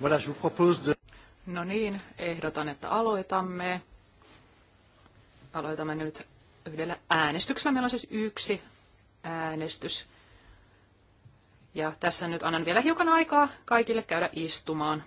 Voilà, je vous propose de... No niin, ehdotan, että aloitamme. Aloitamme nyt yhdellä äänestyksellä. Meillä on siis yksi äänestys. Ja tässä nyt annan vielä hiukan aikaa kaikille käydä istumaan.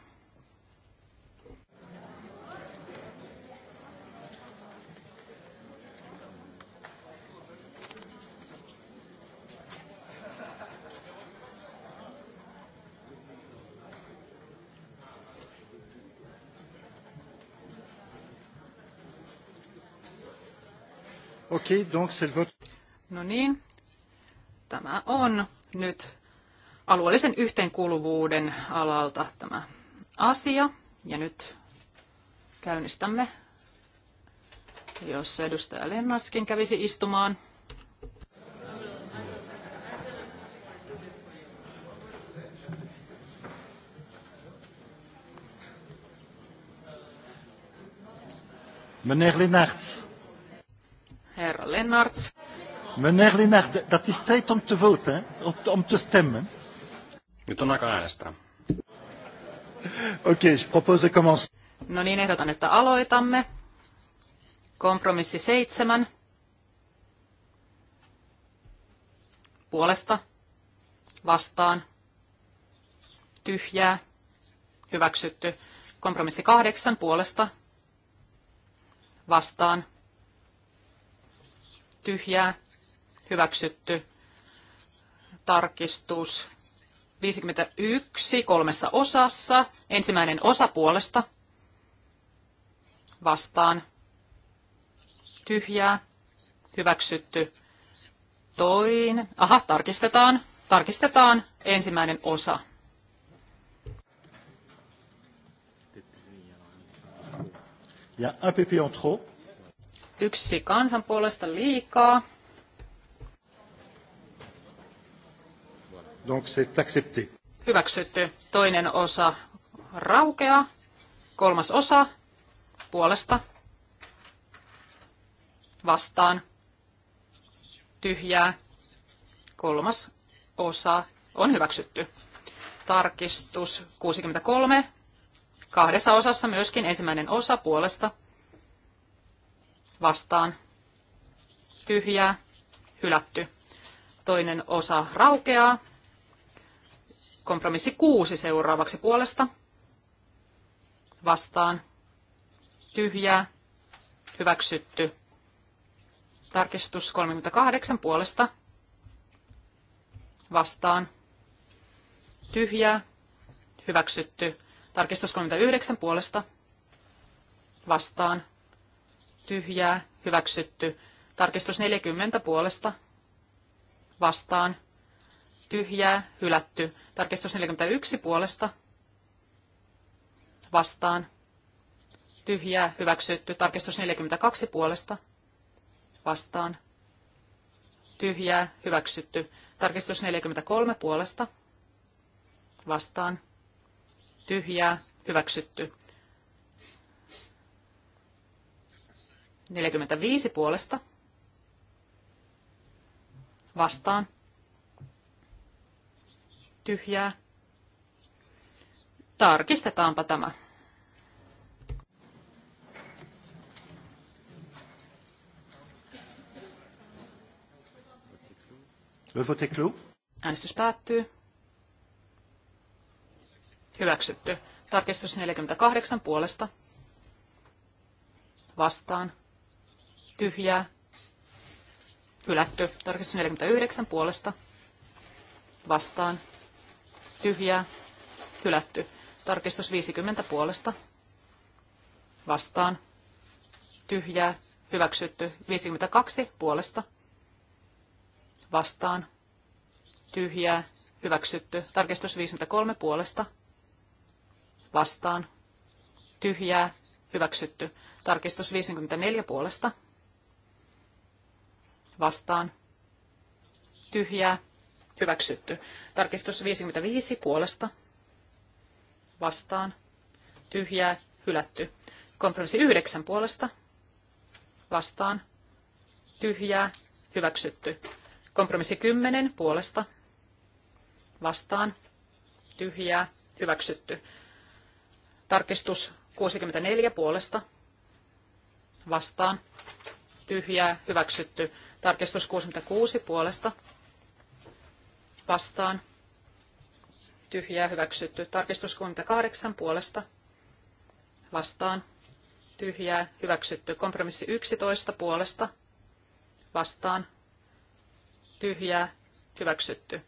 donc c'est votre... No niin, tämä on nyt alueellisen yhteenkuuluvuuden alalta tämä asia. Ja nyt käynnistämme, jos edustaja Lennarskin kävisi istumaan. Meneer Lennarts herra Lennarts. Meneer Lennart, dat is tijd om te voten, om te stemmen. Nyt on aika äänestää. Okei, okay, je propose de commencer. No niin, ehdotan, että aloitamme. Kompromissi seitsemän. Puolesta. Vastaan. Tyhjää. Hyväksytty. Kompromissi kahdeksan puolesta. Vastaan tyhjää, hyväksytty, tarkistus 51 kolmessa osassa, ensimmäinen osa puolesta, vastaan, tyhjää, hyväksytty, toinen, aha, tarkistetaan, tarkistetaan ensimmäinen osa. Il y a un en trop. Yksi kansan puolesta liikaa. Donc c'est accepté. Hyväksytty. Toinen osa raukeaa. Kolmas osa puolesta vastaan tyhjää. Kolmas osa on hyväksytty. Tarkistus 63. Kahdessa osassa myöskin ensimmäinen osa puolesta vastaan tyhjää, hylätty. Toinen osa raukeaa. Kompromissi kuusi seuraavaksi puolesta. Vastaan. Tyhjää. Hyväksytty. Tarkistus 38 puolesta. Vastaan. Tyhjää. Hyväksytty. Tarkistus 39 puolesta. Vastaan tyhjää, hyväksytty. Tarkistus 40 puolesta, vastaan, tyhjää, hylätty. Tarkistus 41 puolesta, vastaan, tyhjää, hyväksytty. Tarkistus 42 puolesta, vastaan, tyhjää, hyväksytty. Tarkistus 43 puolesta, vastaan, tyhjää, hyväksytty. 45 puolesta vastaan tyhjää. Tarkistetaanpa tämä. Äänestys päättyy. Hyväksytty. Tarkistus 48 puolesta. Vastaan tyhjää, hylätty. Tarkistus 49 puolesta vastaan, tyhjää, hylätty. Tarkistus 50 puolesta vastaan, tyhjää, hyväksytty. 52 puolesta vastaan, tyhjää, hyväksytty. Tarkistus 53 puolesta vastaan, tyhjää, hyväksytty. Tarkistus 54 puolesta vastaan, tyhjää, hyväksytty. Tarkistus 55 puolesta, vastaan, tyhjää, hylätty. Kompromissi 9 puolesta, vastaan, tyhjää, hyväksytty. Kompromissi 10 puolesta, vastaan, tyhjää, hyväksytty. Tarkistus 64 puolesta, vastaan, tyhjää, hyväksytty. Tarkistus 66 puolesta vastaan. Tyhjää hyväksytty. Tarkistus 68 puolesta vastaan. Tyhjää hyväksytty. Kompromissi 11 puolesta vastaan. Tyhjää hyväksytty.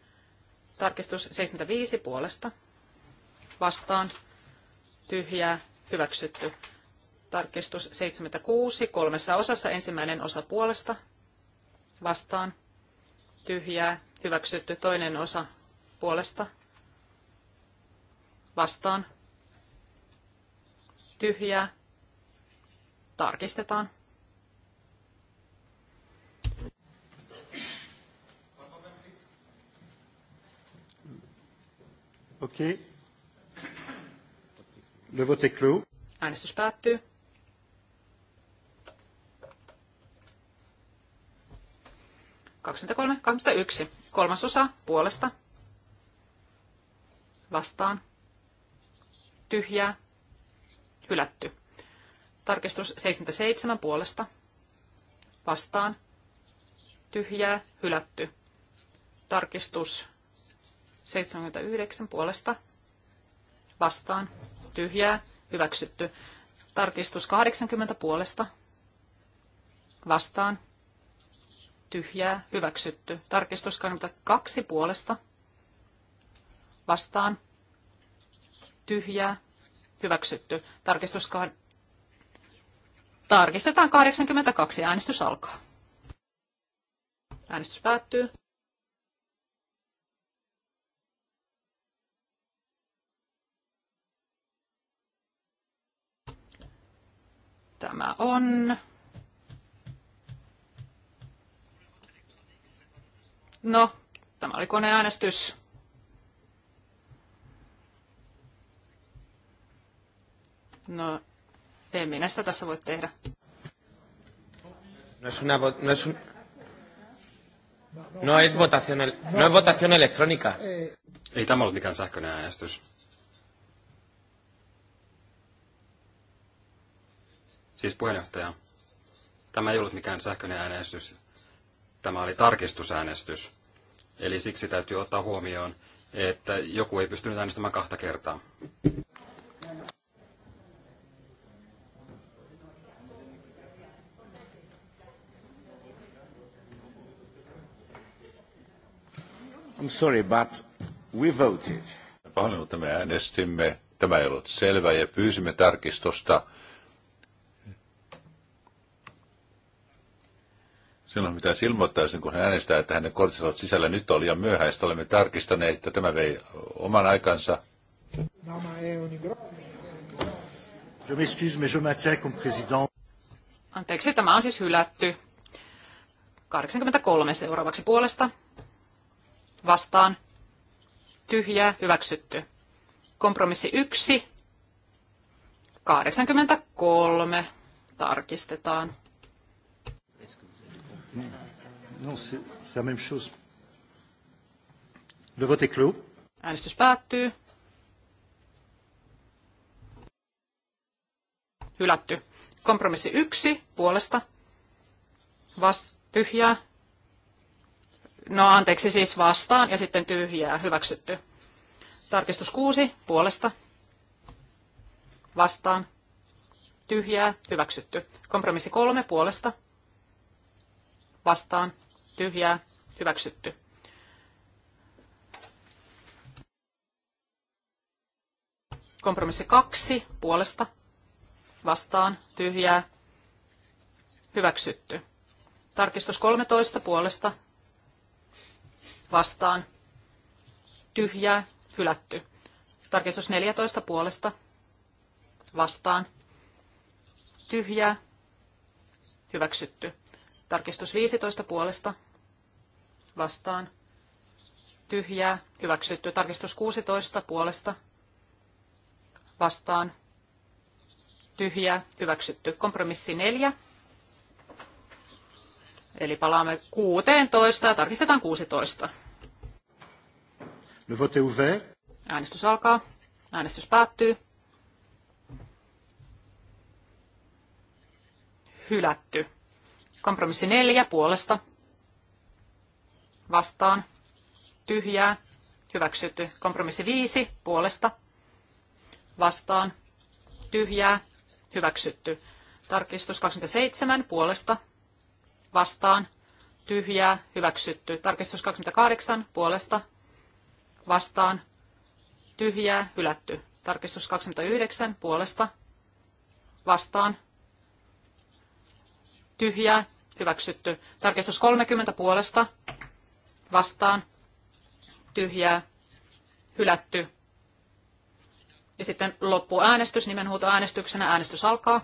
Tarkistus 75 puolesta vastaan. Tyhjää hyväksytty. Tarkistus 76 kolmessa osassa ensimmäinen osa puolesta vastaan, tyhjää, hyväksytty toinen osa puolesta, vastaan, tyhjää, tarkistetaan. Okei. Okay. Le vote est clos. Äänestys päättyy. 23, 21. Kolmasosa puolesta. Vastaan. Tyhjää. Hylätty. Tarkistus 77 puolesta. Vastaan. Tyhjää. Hylätty. Tarkistus 79 puolesta. Vastaan. Tyhjää. Hyväksytty. Tarkistus 80 puolesta. Vastaan tyhjää, hyväksytty. Tarkistus kaksi puolesta, vastaan, tyhjää, hyväksytty. Tarkistus Tarkistetaan 82. Äänestys alkaa. Äänestys päättyy. Tämä on No, tämä oli koneäänestys. No, en minä sitä tässä voi tehdä. No es una, no es un... No es votación, no es votación electrónica. Ei tämä ollut mikään sähköinen äänestys. Siis puheenjohtaja, tämä ei ollut mikään sähköinen äänestys tämä oli tarkistusäänestys. Eli siksi täytyy ottaa huomioon, että joku ei pystynyt äänestämään kahta kertaa. I'm sorry, but we voted. Pahoin, mutta me äänestimme. Tämä ei ollut selvä ja pyysimme tarkistusta silloin mitä ilmoittaisin, kun hän äänestää, että hänen korttinsa ovat sisällä. Nyt oli liian myöhäistä. Olemme tarkistaneet, että tämä vei oman aikansa. Anteeksi, tämä on siis hylätty. 83 seuraavaksi puolesta. Vastaan. Tyhjää, hyväksytty. Kompromissi 1. 83. Tarkistetaan. Non, c'est la même chose. Le vote est clos. Äänestys päättyy. Hylätty. Kompromissi yksi puolesta. Vast, tyhjää. No anteeksi, siis vastaan ja sitten tyhjää. Hyväksytty. Tarkistus kuusi puolesta. Vastaan. Tyhjää. Hyväksytty. Kompromissi kolme puolesta. Vastaan tyhjää, hyväksytty. Kompromissi kaksi puolesta, vastaan, tyhjää, hyväksytty. Tarkistus 13 puolesta, vastaan, tyhjää, hylätty. Tarkistus 14 puolesta, vastaan, tyhjää, hyväksytty. Tarkistus 15 puolesta vastaan. Tyhjää. Hyväksytty. Tarkistus 16 puolesta vastaan. Tyhjää. Hyväksytty. Kompromissi 4. Eli palaamme 16 ja tarkistetaan 16. Le vote est ouvert. Äänestys alkaa. Äänestys päättyy. Hylätty. Kompromissi neljä puolesta. Vastaan. Tyhjää. Hyväksytty. Kompromissi viisi puolesta. Vastaan. Tyhjää. Hyväksytty. Tarkistus 27 puolesta. Vastaan. Tyhjää. Hyväksytty. Tarkistus 28 puolesta. Vastaan. Tyhjää. Hylätty. Tarkistus 29 puolesta. Vastaan tyhjää, hyväksytty. Tarkistus 30 puolesta, vastaan, tyhjää, hylätty. Ja sitten loppuäänestys, nimenhuutoäänestyksenä äänestys alkaa.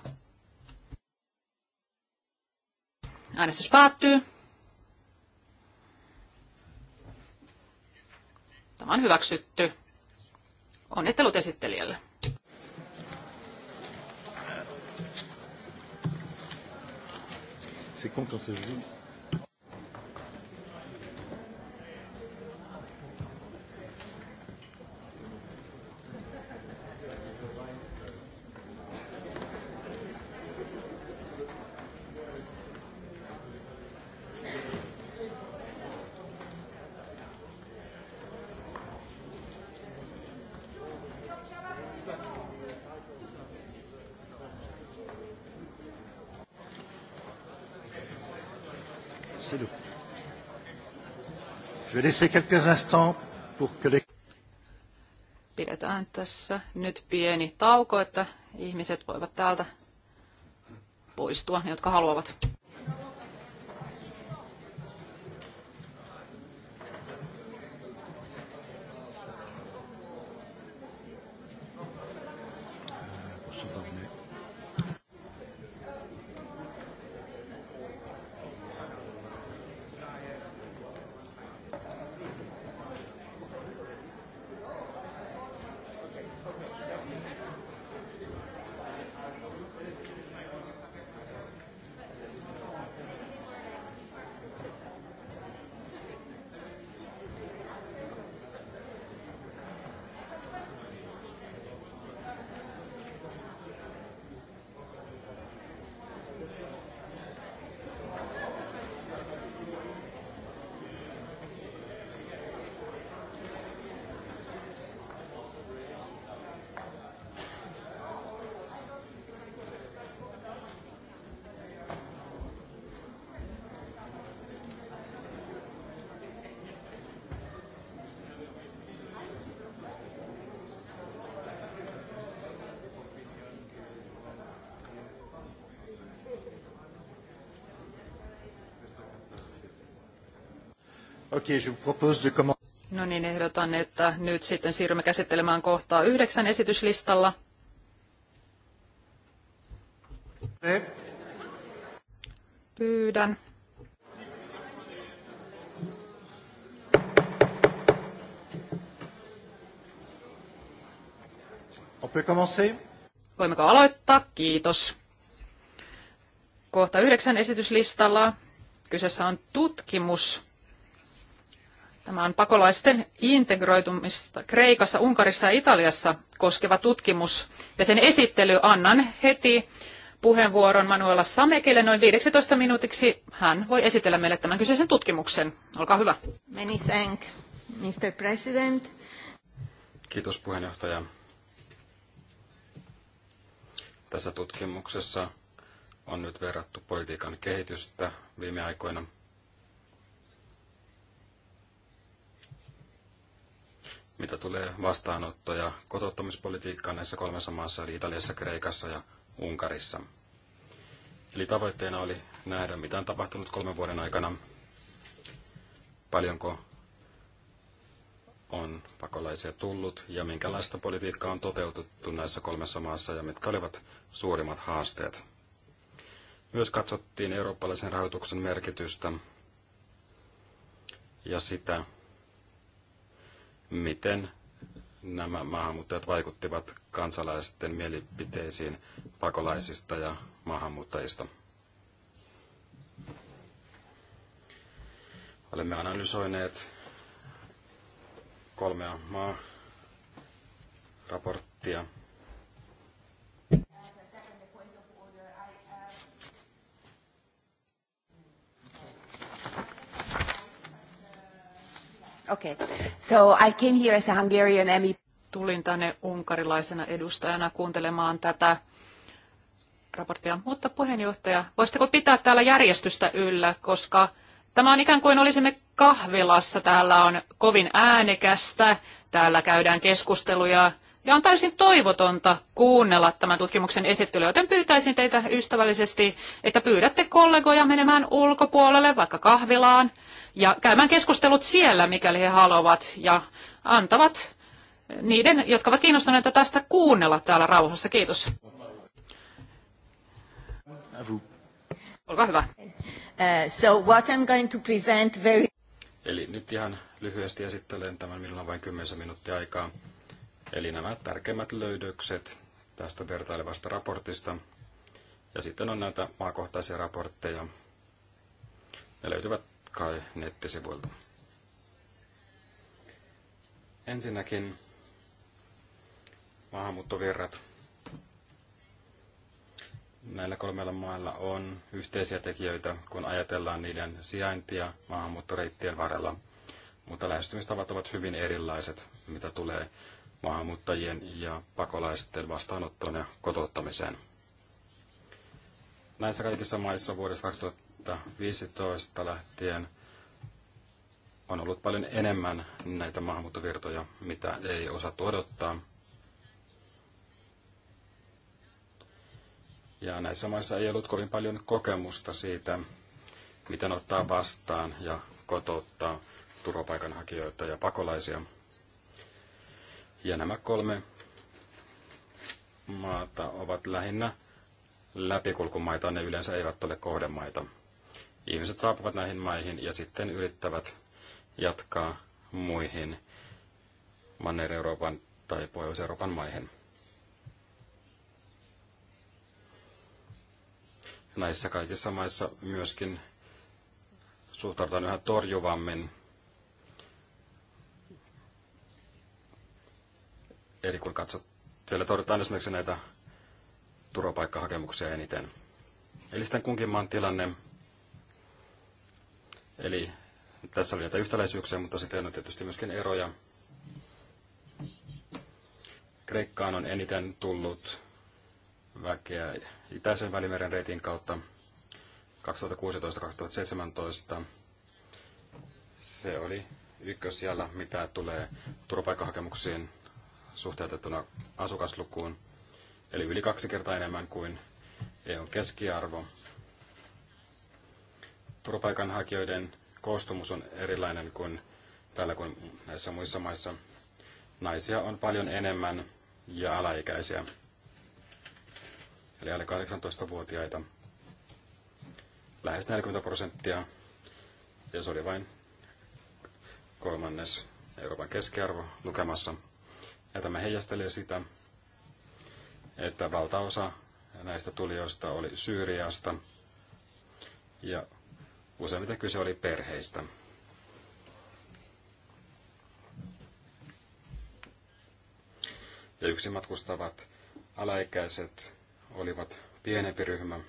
Äänestys päättyy. Tämä on hyväksytty. Onnittelut esittelijälle. C'est con quand ça joue. Je vais quelques instants pour que les... Pidetään tässä nyt pieni tauko, että ihmiset voivat täältä poistua, ne jotka haluavat. No niin, ehdotan, että nyt sitten siirrymme käsittelemään kohtaa yhdeksän esityslistalla. Pyydän. Voimmeko aloittaa? Kiitos. Kohta yhdeksän esityslistalla. Kyseessä on tutkimus Tämä on pakolaisten integroitumista Kreikassa, Unkarissa ja Italiassa koskeva tutkimus. Ja sen esittely annan heti puheenvuoron Manuela Samekille noin 15 minuutiksi. Hän voi esitellä meille tämän kyseisen tutkimuksen. Olkaa hyvä. Many thank, Mr. President. Kiitos puheenjohtaja. Tässä tutkimuksessa on nyt verrattu politiikan kehitystä viime aikoina – mitä tulee vastaanotto- ja kotouttamispolitiikkaan näissä kolmessa maassa, eli Italiassa, Kreikassa ja Unkarissa. Eli tavoitteena oli nähdä, mitä on tapahtunut kolmen vuoden aikana, paljonko on pakolaisia tullut ja minkälaista politiikkaa on toteutettu näissä kolmessa maassa ja mitkä olivat suurimmat haasteet. Myös katsottiin eurooppalaisen rahoituksen merkitystä ja sitä, miten nämä maahanmuuttajat vaikuttivat kansalaisten mielipiteisiin pakolaisista ja maahanmuuttajista. Olemme analysoineet kolmea maa raporttia – Okay. So I came here as a Hungarian MEP. Tulin tänne unkarilaisena edustajana kuuntelemaan tätä raporttia. Mutta puheenjohtaja, voisitteko pitää täällä järjestystä yllä, koska tämä on ikään kuin olisimme kahvilassa. Täällä on kovin äänekästä, täällä käydään keskusteluja ja on täysin toivotonta kuunnella tämän tutkimuksen esittelyä, joten pyytäisin teitä ystävällisesti, että pyydätte kollegoja menemään ulkopuolelle, vaikka kahvilaan, ja käymään keskustelut siellä, mikäli he haluavat, ja antavat niiden, jotka ovat kiinnostuneita tästä, kuunnella täällä rauhassa. Kiitos. Olkaa hyvä. Uh, so what I'm going to present very... Eli nyt ihan lyhyesti esittelen tämän, milloin on vain 10 minuuttia aikaa. Eli nämä tärkeimmät löydökset tästä vertailevasta raportista. Ja sitten on näitä maakohtaisia raportteja. Ne löytyvät kai nettisivuilta. Ensinnäkin maahanmuuttovirrat. Näillä kolmella maalla on yhteisiä tekijöitä, kun ajatellaan niiden sijaintia maahanmuuttoreittien varrella, mutta lähestymistavat ovat hyvin erilaiset, mitä tulee maahanmuuttajien ja pakolaisten vastaanottoon ja kotouttamiseen. Näissä kaikissa maissa vuodesta 2015 lähtien on ollut paljon enemmän näitä maahanmuuttovirtoja, mitä ei osattu odottaa. Ja näissä maissa ei ollut kovin paljon kokemusta siitä, miten ottaa vastaan ja kotouttaa turvapaikanhakijoita ja pakolaisia. Ja nämä kolme maata ovat lähinnä läpikulkumaita, ne yleensä eivät ole kohdemaita. Ihmiset saapuvat näihin maihin ja sitten yrittävät jatkaa muihin Manner-Euroopan tai Pohjois-Euroopan maihin. Näissä kaikissa maissa myöskin suhtaudutaan yhä torjuvammin Eli kun katsot, siellä todetaan esimerkiksi näitä turvapaikkahakemuksia eniten. Eli sitten kunkin maan tilanne. Eli tässä oli näitä yhtäläisyyksiä, mutta sitten on tietysti myöskin eroja. Kreikkaan on eniten tullut väkeä itäisen välimeren reitin kautta 2016-2017. Se oli ykkös siellä, mitä tulee turvapaikkahakemuksiin suhteutettuna asukaslukuun, eli yli kaksi kertaa enemmän kuin EUn keskiarvo. Turvapaikanhakijoiden koostumus on erilainen kuin täällä kuin näissä muissa maissa. Naisia on paljon enemmän ja alaikäisiä, eli alle 18-vuotiaita. Lähes 40 prosenttia, ja se oli vain kolmannes Euroopan keskiarvo lukemassa – ja tämä heijastelee sitä, että valtaosa näistä tulijoista oli Syyriasta ja useimmiten kyse oli perheistä. Ja yksi matkustavat alaikäiset olivat pienempi ryhmä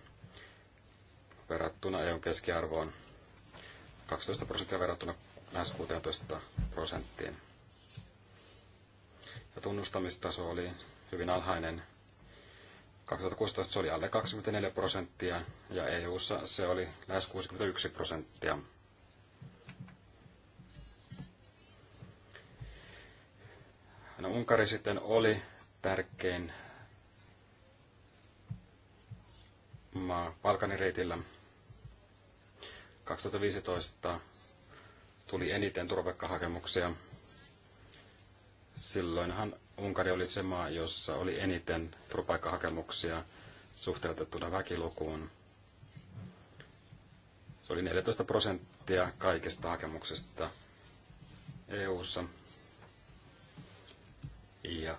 verrattuna EUn keskiarvoon 12 prosenttia verrattuna lähes 16 prosenttiin ja tunnustamistaso oli hyvin alhainen. 2016 se oli alle 24 prosenttia ja EU:ssa se oli lähes 61 prosenttia. No, Unkari sitten oli tärkein maa Balkanin reitillä. 2015 tuli eniten turvapaikkahakemuksia Silloinhan Unkari oli se maa, jossa oli eniten turvapaikkahakemuksia suhteutettuna väkilukuun. Se oli 14 prosenttia kaikista hakemuksista EU-ssa. Ja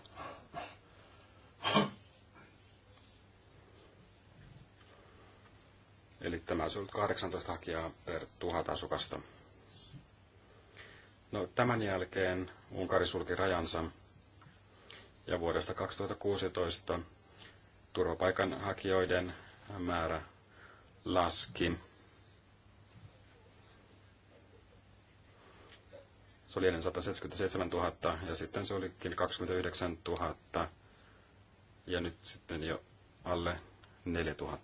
Eli tämä olisi ollut 18 hakijaa per tuhat asukasta. No, tämän jälkeen Unkari sulki rajansa ja vuodesta 2016 turvapaikanhakijoiden määrä laski. Se oli ennen 177 000 ja sitten se olikin 29 000 ja nyt sitten jo alle 4 000.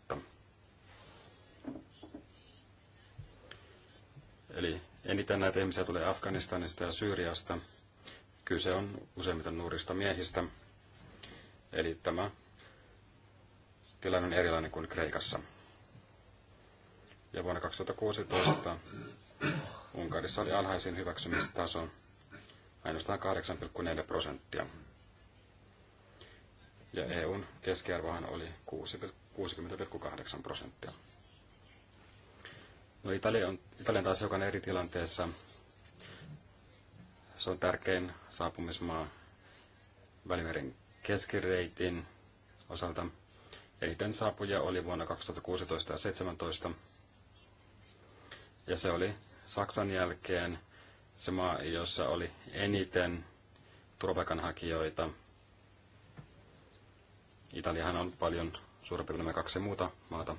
Eli Eniten näitä ihmisiä tulee Afganistanista ja Syyriasta. Kyse on useimmiten nuorista miehistä. Eli tämä tilanne on erilainen kuin Kreikassa. Ja vuonna 2016 Unkarissa oli alhaisin hyväksymistaso ainoastaan 8,4 prosenttia. Ja EUn keskiarvohan oli 60,8 prosenttia. No Italia on, Italian taas joka eri tilanteessa. Se on tärkein saapumismaa Välimeren keskireitin osalta. Eniten saapuja oli vuonna 2016 ja 2017. Ja se oli Saksan jälkeen se maa, jossa oli eniten turvapaikanhakijoita. Italiahan on paljon suurempi kuin nämä kaksi muuta maata,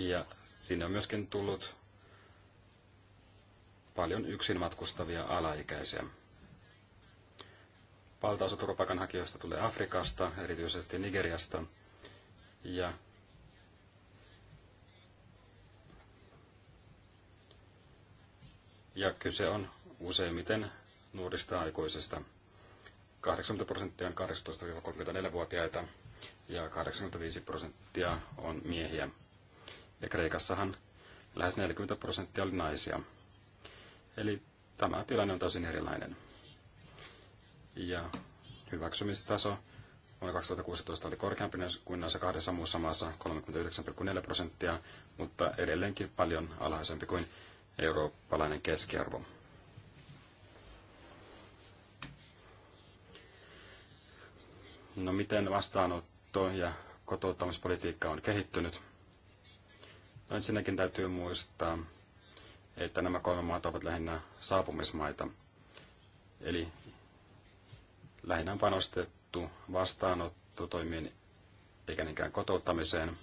Ja sinne on myöskin tullut paljon yksin matkustavia alaikäisiä. Valtaosa turvapaikanhakijoista tulee Afrikasta, erityisesti Nigeriasta. Ja ja kyse on useimmiten nuorista aikuisista. 80 prosenttia on 18-34-vuotiaita ja 85 prosenttia on miehiä. Ja Kreikassahan lähes 40 prosenttia oli naisia. Eli tämä tilanne on täysin erilainen. Ja hyväksymistaso vuonna 2016 oli korkeampi kuin näissä kahdessa muussa maassa 39,4 prosenttia, mutta edelleenkin paljon alhaisempi kuin eurooppalainen keskiarvo. No miten vastaanotto ja kotouttamispolitiikka on kehittynyt? No ensinnäkin täytyy muistaa, että nämä kolme maata ovat lähinnä saapumismaita. Eli lähinnä on panostettu vastaanottotoimien eikä niinkään kotouttamiseen.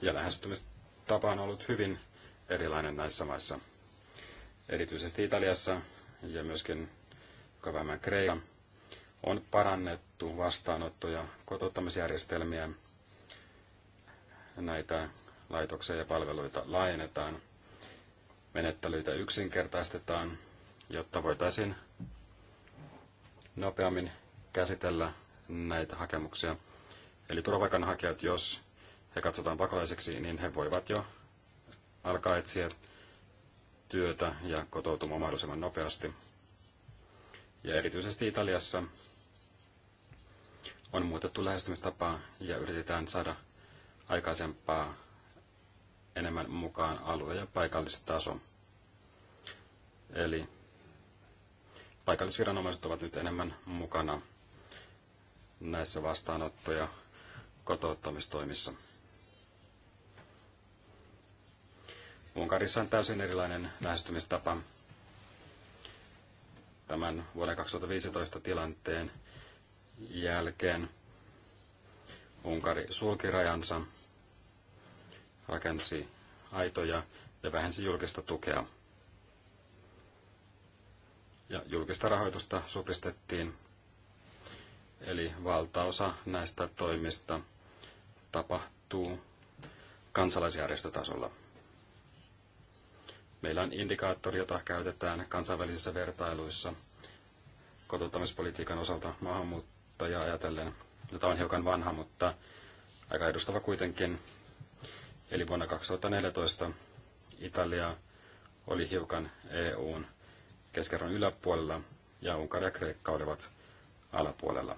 Ja lähestymistapa on ollut hyvin erilainen näissä maissa. Erityisesti Italiassa ja myöskin vähemmän Kreikan on parannettu vastaanotto- ja kotouttamisjärjestelmiä. Näitä laitoksia ja palveluita laajennetaan, menettelyitä yksinkertaistetaan, jotta voitaisiin nopeammin käsitellä näitä hakemuksia. Eli turvapaikanhakijat, jos he katsotaan pakolaisiksi, niin he voivat jo alkaa etsiä työtä ja kotoutumaan mahdollisimman nopeasti. Ja erityisesti Italiassa on muutettu lähestymistapaa ja yritetään saada aikaisempaa enemmän mukaan alue- ja paikallistaso. Eli paikallisviranomaiset ovat nyt enemmän mukana näissä vastaanotto- ja kotouttamistoimissa. Unkarissa on täysin erilainen lähestymistapa tämän vuoden 2015 tilanteen jälkeen. Unkari sulki rajansa rakensi aitoja ja vähensi julkista tukea. Ja julkista rahoitusta supistettiin, eli valtaosa näistä toimista tapahtuu kansalaisjärjestötasolla. Meillä on indikaattori, jota käytetään kansainvälisissä vertailuissa kotouttamispolitiikan osalta maahanmuuttajaa ajatellen. Tämä on hiukan vanha, mutta aika edustava kuitenkin Eli vuonna 2014 Italia oli hiukan EUn keskerron yläpuolella ja Unkari ja Kreikka olivat alapuolella.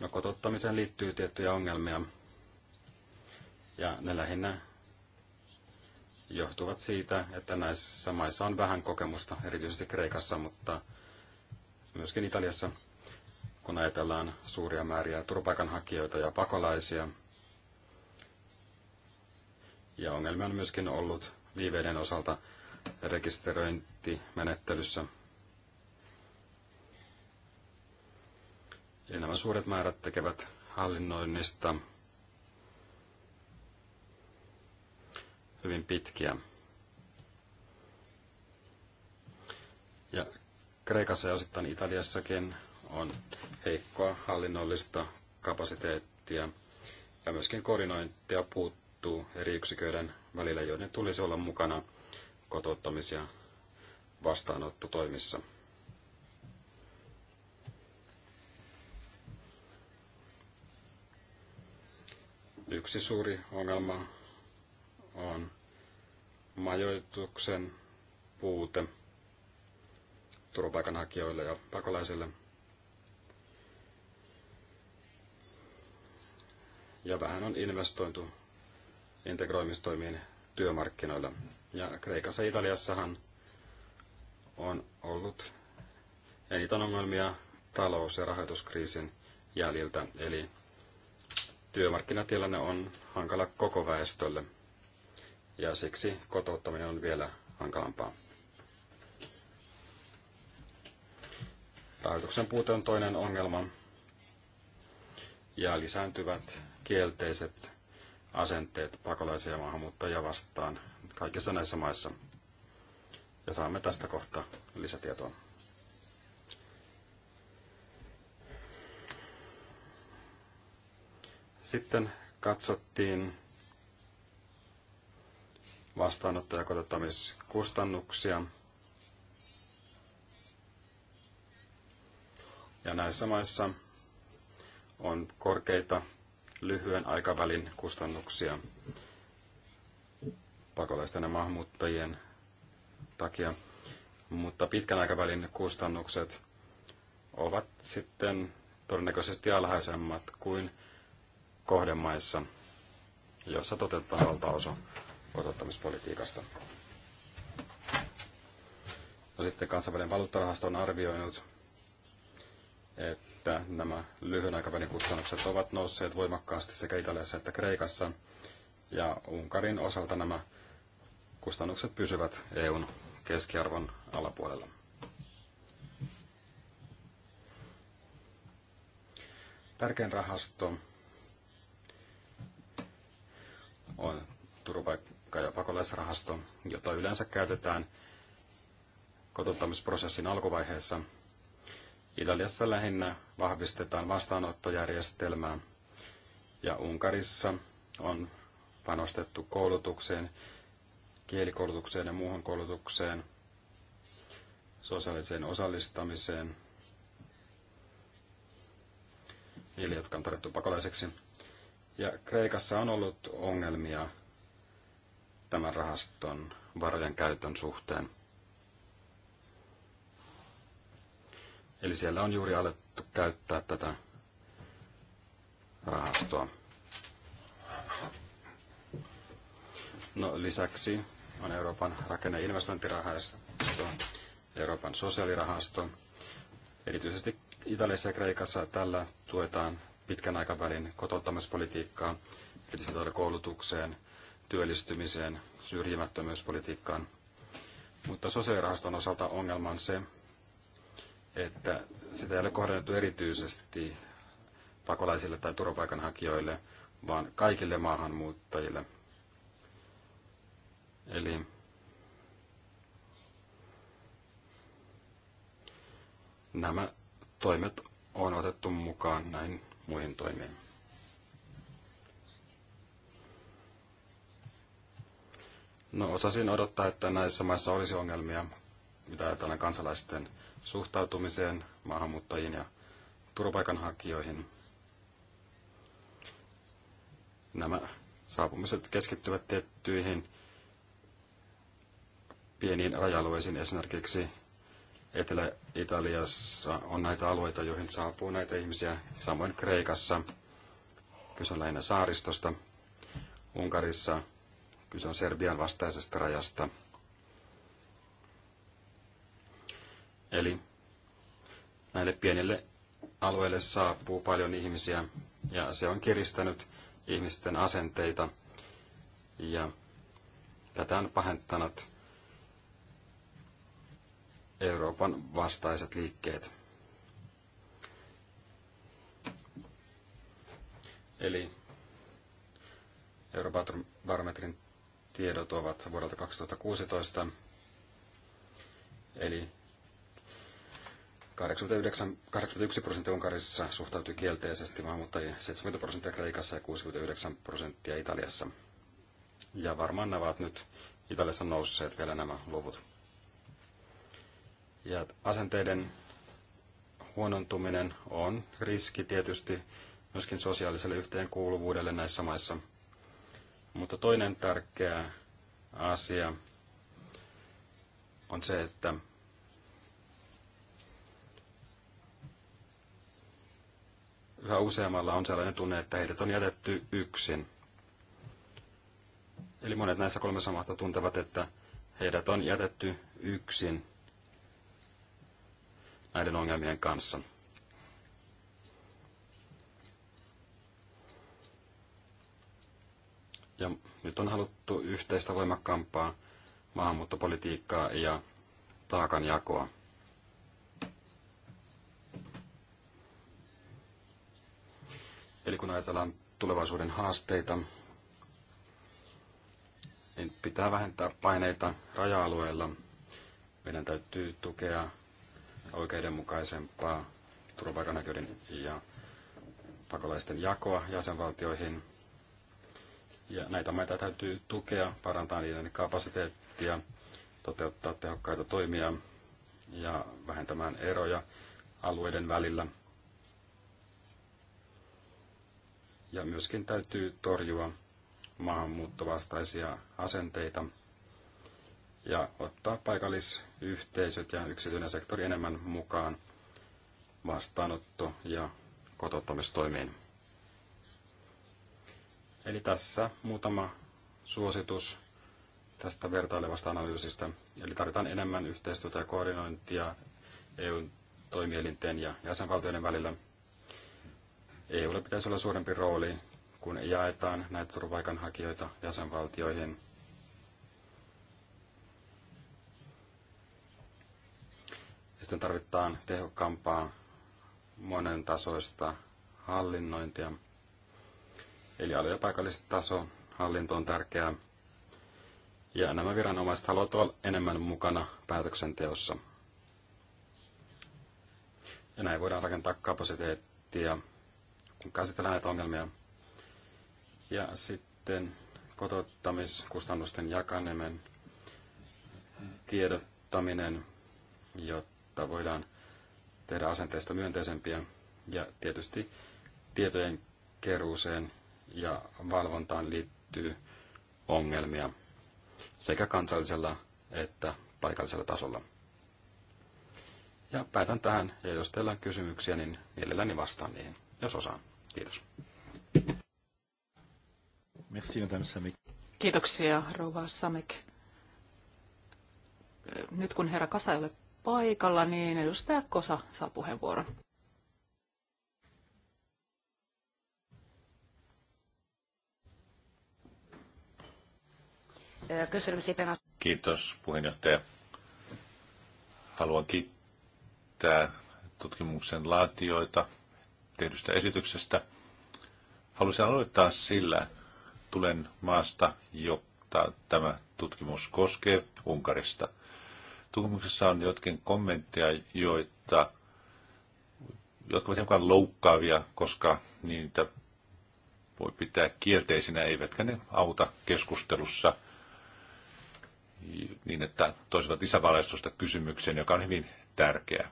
No kotouttamiseen liittyy tiettyjä ongelmia ja ne lähinnä johtuvat siitä, että näissä maissa on vähän kokemusta, erityisesti Kreikassa, mutta myöskin Italiassa, kun ajatellaan suuria määriä turvapaikanhakijoita ja pakolaisia. Ja ongelmia on myöskin ollut viiveiden osalta rekisteröintimenettelyssä. Eli nämä suuret määrät tekevät hallinnoinnista hyvin pitkiä. Ja Kreikassa ja osittain Italiassakin on heikkoa hallinnollista kapasiteettia ja myöskin koordinointia puuttuu eri yksiköiden välillä, joiden tulisi olla mukana kotouttamis- ja vastaanottotoimissa. Yksi suuri ongelma majoituksen puute turvapaikanhakijoille ja pakolaisille. Ja vähän on investointu integroimistoimiin työmarkkinoilla. Ja Kreikassa ja Italiassahan on ollut eniten ongelmia talous- ja rahoituskriisin jäljiltä, eli työmarkkinatilanne on hankala koko väestölle – ja siksi kotouttaminen on vielä hankalampaa. Rahoituksen puute on toinen ongelma ja lisääntyvät kielteiset asenteet pakolaisia ja maahanmuuttajia vastaan kaikissa näissä maissa. Ja saamme tästä kohta lisätietoa. Sitten katsottiin vastaanotto- ja kotouttamiskustannuksia. Ja näissä maissa on korkeita lyhyen aikavälin kustannuksia pakolaisten ja maahanmuuttajien takia, mutta pitkän aikavälin kustannukset ovat sitten todennäköisesti alhaisemmat kuin kohdemaissa, jossa toteutetaan valtaosa kotouttamispolitiikasta. No sitten kansainvälinen valuuttarahasto on arvioinut, että nämä lyhyen aikavälin kustannukset ovat nousseet voimakkaasti sekä Italiassa että Kreikassa, ja Unkarin osalta nämä kustannukset pysyvät EUn keskiarvon alapuolella. Tärkein rahasto on turvapaikka turvapaikka- ja pakolaisrahasto, jota yleensä käytetään kotouttamisprosessin alkuvaiheessa. Italiassa lähinnä vahvistetaan vastaanottojärjestelmää ja Unkarissa on panostettu koulutukseen, kielikoulutukseen ja muuhun koulutukseen, sosiaaliseen osallistamiseen, niille, jotka on tarjottu pakolaiseksi. Ja Kreikassa on ollut ongelmia tämän rahaston varojen käytön suhteen. Eli siellä on juuri alettu käyttää tätä rahastoa. No, lisäksi on Euroopan investointirahasto, Euroopan sosiaalirahasto. Erityisesti Italiassa ja Kreikassa tällä tuetaan pitkän aikavälin kotouttamispolitiikkaa, erityisesti tuota koulutukseen, työllistymiseen, syrjimättömyyspolitiikkaan. Mutta sosiaalirahaston osalta ongelma on se, että sitä ei ole kohdennettu erityisesti pakolaisille tai turvapaikanhakijoille, vaan kaikille maahanmuuttajille. Eli nämä toimet on otettu mukaan näihin muihin toimiin. No osasin odottaa, että näissä maissa olisi ongelmia, mitä ajatellaan kansalaisten suhtautumiseen, maahanmuuttajiin ja turvapaikanhakijoihin. Nämä saapumiset keskittyvät tiettyihin pieniin raja-alueisiin. Esimerkiksi Etelä-Italiassa on näitä alueita, joihin saapuu näitä ihmisiä, samoin Kreikassa. Kyse on lähinnä saaristosta. Unkarissa Kyse on Serbian vastaisesta rajasta. Eli näille pienille alueille saapuu paljon ihmisiä ja se on kiristänyt ihmisten asenteita ja tätä on pahentanut Euroopan vastaiset liikkeet. Eli Eurobarometrin tiedot ovat vuodelta 2016, eli 89, 81 prosenttia Unkarissa suhtautui kielteisesti maahanmuuttajiin, 70 prosenttia Kreikassa ja 69 prosenttia Italiassa. Ja varmaan nämä ovat nyt Italiassa nousseet vielä nämä luvut. Ja asenteiden huonontuminen on riski tietysti myöskin sosiaaliselle yhteenkuuluvuudelle näissä maissa – mutta toinen tärkeä asia on se, että yhä useammalla on sellainen tunne, että heidät on jätetty yksin. Eli monet näissä kolme samasta tuntevat, että heidät on jätetty yksin näiden ongelmien kanssa. Ja nyt on haluttu yhteistä voimakkaampaa maahanmuuttopolitiikkaa ja taakanjakoa. Eli kun ajatellaan tulevaisuuden haasteita, niin pitää vähentää paineita raja-alueilla. Meidän täytyy tukea oikeudenmukaisempaa turvapaikanäköiden ja pakolaisten jakoa jäsenvaltioihin. Ja näitä maita täytyy tukea, parantaa niiden kapasiteettia, toteuttaa tehokkaita toimia ja vähentämään eroja alueiden välillä. Ja myöskin täytyy torjua maahanmuuttovastaisia asenteita ja ottaa paikallisyhteisöt ja yksityinen sektori enemmän mukaan vastaanotto- ja kotouttamistoimiin. Eli tässä muutama suositus tästä vertailevasta analyysistä. Eli tarvitaan enemmän yhteistyötä ja koordinointia eu toimielinten ja jäsenvaltioiden välillä. EUlle pitäisi olla suurempi rooli, kun jaetaan näitä turvapaikanhakijoita jäsenvaltioihin. Sitten tarvitaan tehokkaampaa monen tasoista hallinnointia. Eli alue- ja taso, hallinto on tärkeää. Ja nämä viranomaiset haluavat olla enemmän mukana päätöksenteossa. Ja näin voidaan rakentaa kapasiteettia, kun käsitellään näitä ongelmia. Ja sitten kotouttamiskustannusten jakaminen, tiedottaminen, jotta voidaan tehdä asenteista myönteisempiä. Ja tietysti tietojen keruuseen ja valvontaan liittyy ongelmia sekä kansallisella että paikallisella tasolla. Ja päätän tähän, ja jos teillä on kysymyksiä, niin mielelläni vastaan niihin, jos osaan. Kiitos. Merci, Madame Kiitoksia, rouva Samek. Nyt kun herra Kasa ei ole paikalla, niin edustaja Kosa saa puheenvuoron. Kiitos puheenjohtaja. Haluan kiittää tutkimuksen laatijoita tehdystä esityksestä. Haluaisin aloittaa sillä, tulen maasta, jota tämä tutkimus koskee, Unkarista. Tutkimuksessa on jotkin kommentteja, joita, jotka ovat hiukan loukkaavia, koska niitä voi pitää kielteisinä, eivätkä ne auta keskustelussa – niin, että toisivat lisävalaistusta kysymykseen, joka on hyvin tärkeä.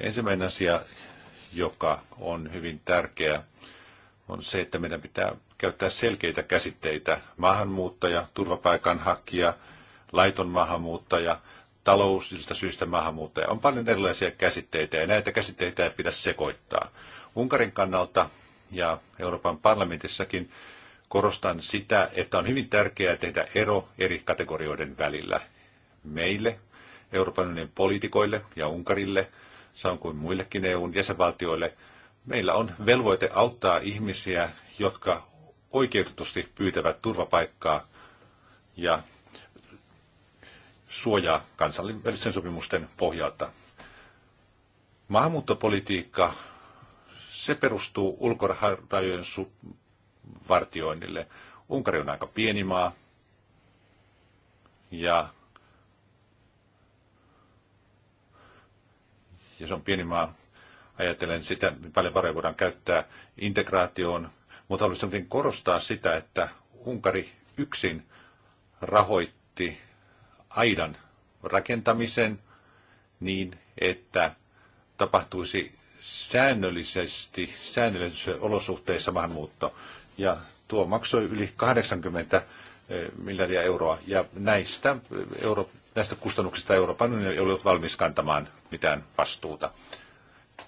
Ensimmäinen asia, joka on hyvin tärkeä, on se, että meidän pitää käyttää selkeitä käsitteitä. Maahanmuuttaja, turvapaikanhakija, laiton maahanmuuttaja, taloudellisista syistä maahanmuuttaja. On paljon erilaisia käsitteitä ja näitä käsitteitä ei pidä sekoittaa. Unkarin kannalta ja Euroopan parlamentissakin Korostan sitä, että on hyvin tärkeää tehdä ero eri kategorioiden välillä. Meille, Euroopan unionin poliitikoille ja Unkarille, samoin kuin muillekin EUn jäsenvaltioille, meillä on velvoite auttaa ihmisiä, jotka oikeutetusti pyytävät turvapaikkaa ja suojaa kansallisten sopimusten pohjalta. Maahanmuuttopolitiikka, se perustuu ulkorajojen vartioinnille. Unkari on aika pieni maa ja, ja se on pieni maa. Ajattelen sitä, paljon varoja voidaan käyttää integraatioon, mutta haluaisin korostaa sitä, että Unkari yksin rahoitti aidan rakentamisen niin, että tapahtuisi säännöllisesti, säännöllisissä olosuhteissa maahanmuutto ja tuo maksoi yli 80 eh, miljardia euroa, ja näistä, eh, euro, näistä kustannuksista Euroopan unioni ei ollut valmis kantamaan mitään vastuuta.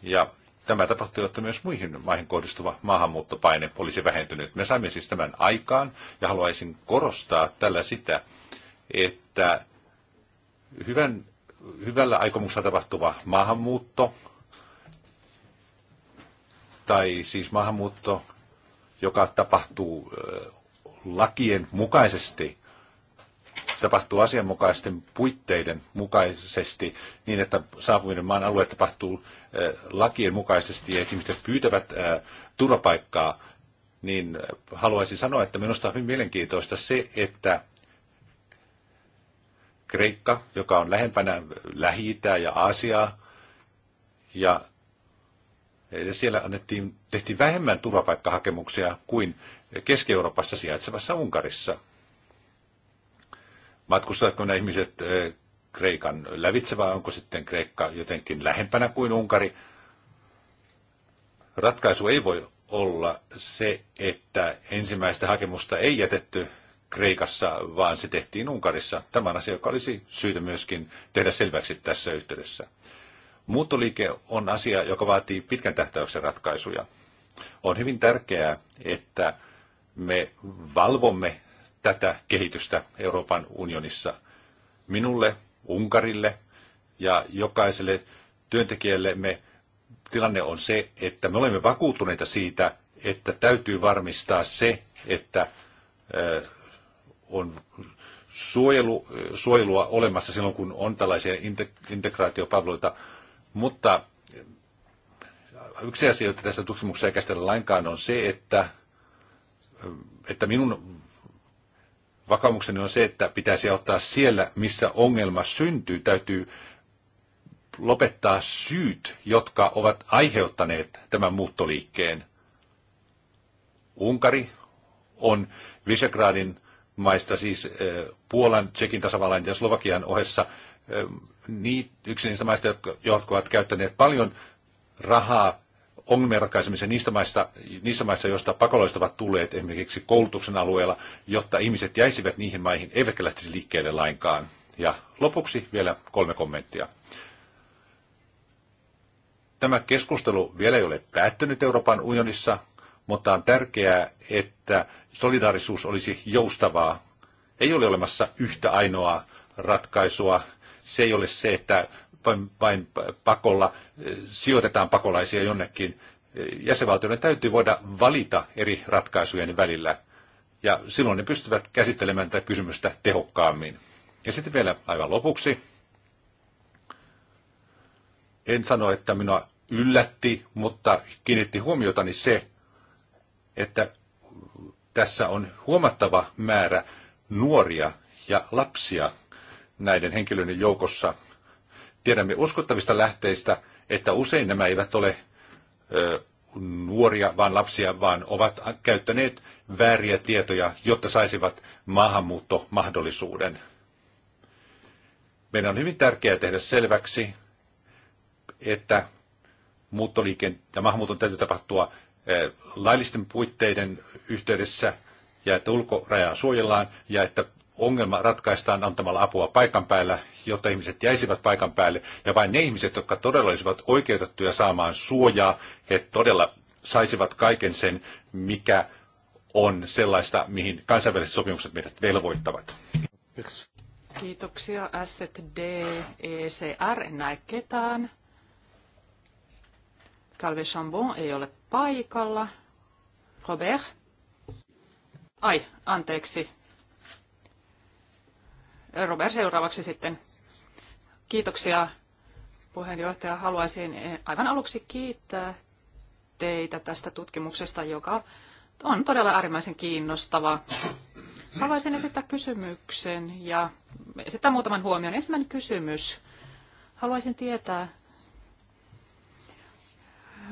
Ja tämä tapahtui, jotta myös muihin maihin kohdistuva maahanmuuttopaine olisi vähentynyt. Me saimme siis tämän aikaan, ja haluaisin korostaa tällä sitä, että hyvän, hyvällä aikomuksella tapahtuva maahanmuutto, tai siis maahanmuutto, joka tapahtuu lakien mukaisesti, tapahtuu asianmukaisten puitteiden mukaisesti, niin että saapuminen maan alue tapahtuu lakien mukaisesti ja ihmiset pyytävät turvapaikkaa, niin haluaisin sanoa, että minusta on hyvin mielenkiintoista se, että Kreikka, joka on lähempänä lähi ja Aasiaa, ja ja siellä annettiin, tehtiin vähemmän turvapaikkahakemuksia kuin Keski-Euroopassa sijaitsevassa Unkarissa. Matkustavatko nämä ihmiset eh, Kreikan lävitse vai onko sitten Kreikka jotenkin lähempänä kuin Unkari? Ratkaisu ei voi olla se, että ensimmäistä hakemusta ei jätetty Kreikassa, vaan se tehtiin Unkarissa. Tämä on asia, joka olisi syytä myöskin tehdä selväksi tässä yhteydessä. Muuttoliike on asia, joka vaatii pitkän tähtäyksen ratkaisuja. On hyvin tärkeää, että me valvomme tätä kehitystä Euroopan unionissa minulle, Unkarille ja jokaiselle työntekijälle me tilanne on se, että me olemme vakuuttuneita siitä, että täytyy varmistaa se, että eh, on suojelu, eh, suojelua olemassa silloin, kun on tällaisia integraatiopalveluita mutta yksi asia, jota tässä tutkimuksessa ei käsitellä lainkaan, on se, että, että minun vakaumukseni on se, että pitäisi ottaa siellä, missä ongelma syntyy. Täytyy lopettaa syyt, jotka ovat aiheuttaneet tämän muuttoliikkeen. Unkari on Visegradin maista, siis eh, Puolan, Tsekin tasavallan ja Slovakian ohessa yksi niistä maista, jotka, jotka ovat käyttäneet paljon rahaa ongelmien ratkaisemiseen niistä maista, niissä maissa, joista pakolaiset ovat tulleet esimerkiksi koulutuksen alueella, jotta ihmiset jäisivät niihin maihin, eivätkä lähtisi liikkeelle lainkaan. Ja lopuksi vielä kolme kommenttia. Tämä keskustelu vielä ei ole päättynyt Euroopan unionissa, mutta on tärkeää, että solidaarisuus olisi joustavaa. Ei ole olemassa yhtä ainoaa ratkaisua se ei ole se, että vain pakolla eh, sijoitetaan pakolaisia jonnekin. Eh, jäsenvaltioiden täytyy voida valita eri ratkaisujen välillä. Ja silloin ne pystyvät käsittelemään tätä kysymystä tehokkaammin. Ja sitten vielä aivan lopuksi. En sano, että minua yllätti, mutta kiinnitti huomiotani se, että tässä on huomattava määrä nuoria ja lapsia, näiden henkilöiden joukossa. Tiedämme uskottavista lähteistä, että usein nämä eivät ole ö, nuoria, vaan lapsia, vaan ovat käyttäneet vääriä tietoja, jotta saisivat maahanmuuttomahdollisuuden. Meidän on hyvin tärkeää tehdä selväksi, että muuttoliikkeen ja maahanmuuton täytyy tapahtua laillisten puitteiden yhteydessä ja että ulkorajaa suojellaan ja että ongelma ratkaistaan antamalla apua paikan päällä, jotta ihmiset jäisivät paikan päälle. Ja vain ne ihmiset, jotka todella olisivat oikeutettuja saamaan suojaa, he todella saisivat kaiken sen, mikä on sellaista, mihin kansainväliset sopimukset meidät velvoittavat. Kiitoksia. SZD, ECR, en näe ketään. Calvé Chambon ei ole paikalla. Robert? Ai, anteeksi. Robert seuraavaksi sitten. Kiitoksia puheenjohtaja. Haluaisin aivan aluksi kiittää teitä tästä tutkimuksesta, joka on todella äärimmäisen kiinnostava. Haluaisin esittää kysymyksen ja esittää muutaman huomion. Ensimmäinen kysymys. Haluaisin tietää,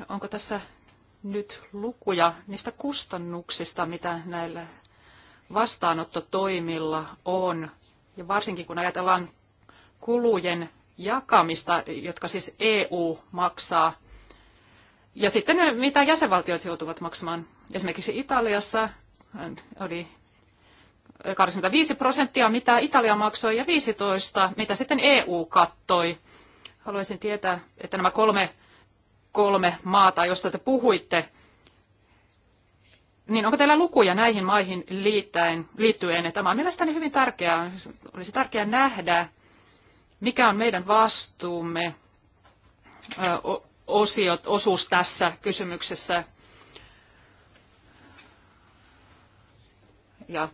onko tässä nyt lukuja niistä kustannuksista, mitä näillä vastaanottotoimilla on ja varsinkin kun ajatellaan kulujen jakamista, jotka siis EU maksaa, ja sitten mitä jäsenvaltiot joutuvat maksamaan. Esimerkiksi Italiassa äh, oli 85 prosenttia, mitä Italia maksoi, ja 15, mitä sitten EU kattoi. Haluaisin tietää, että nämä kolme, kolme maata, josta te puhuitte, niin onko teillä lukuja näihin maihin liittäen, liittyen? Tämä on mielestäni hyvin tärkeää. Olisi tärkeää nähdä, mikä on meidän vastuumme osiot, osuus tässä kysymyksessä. Ja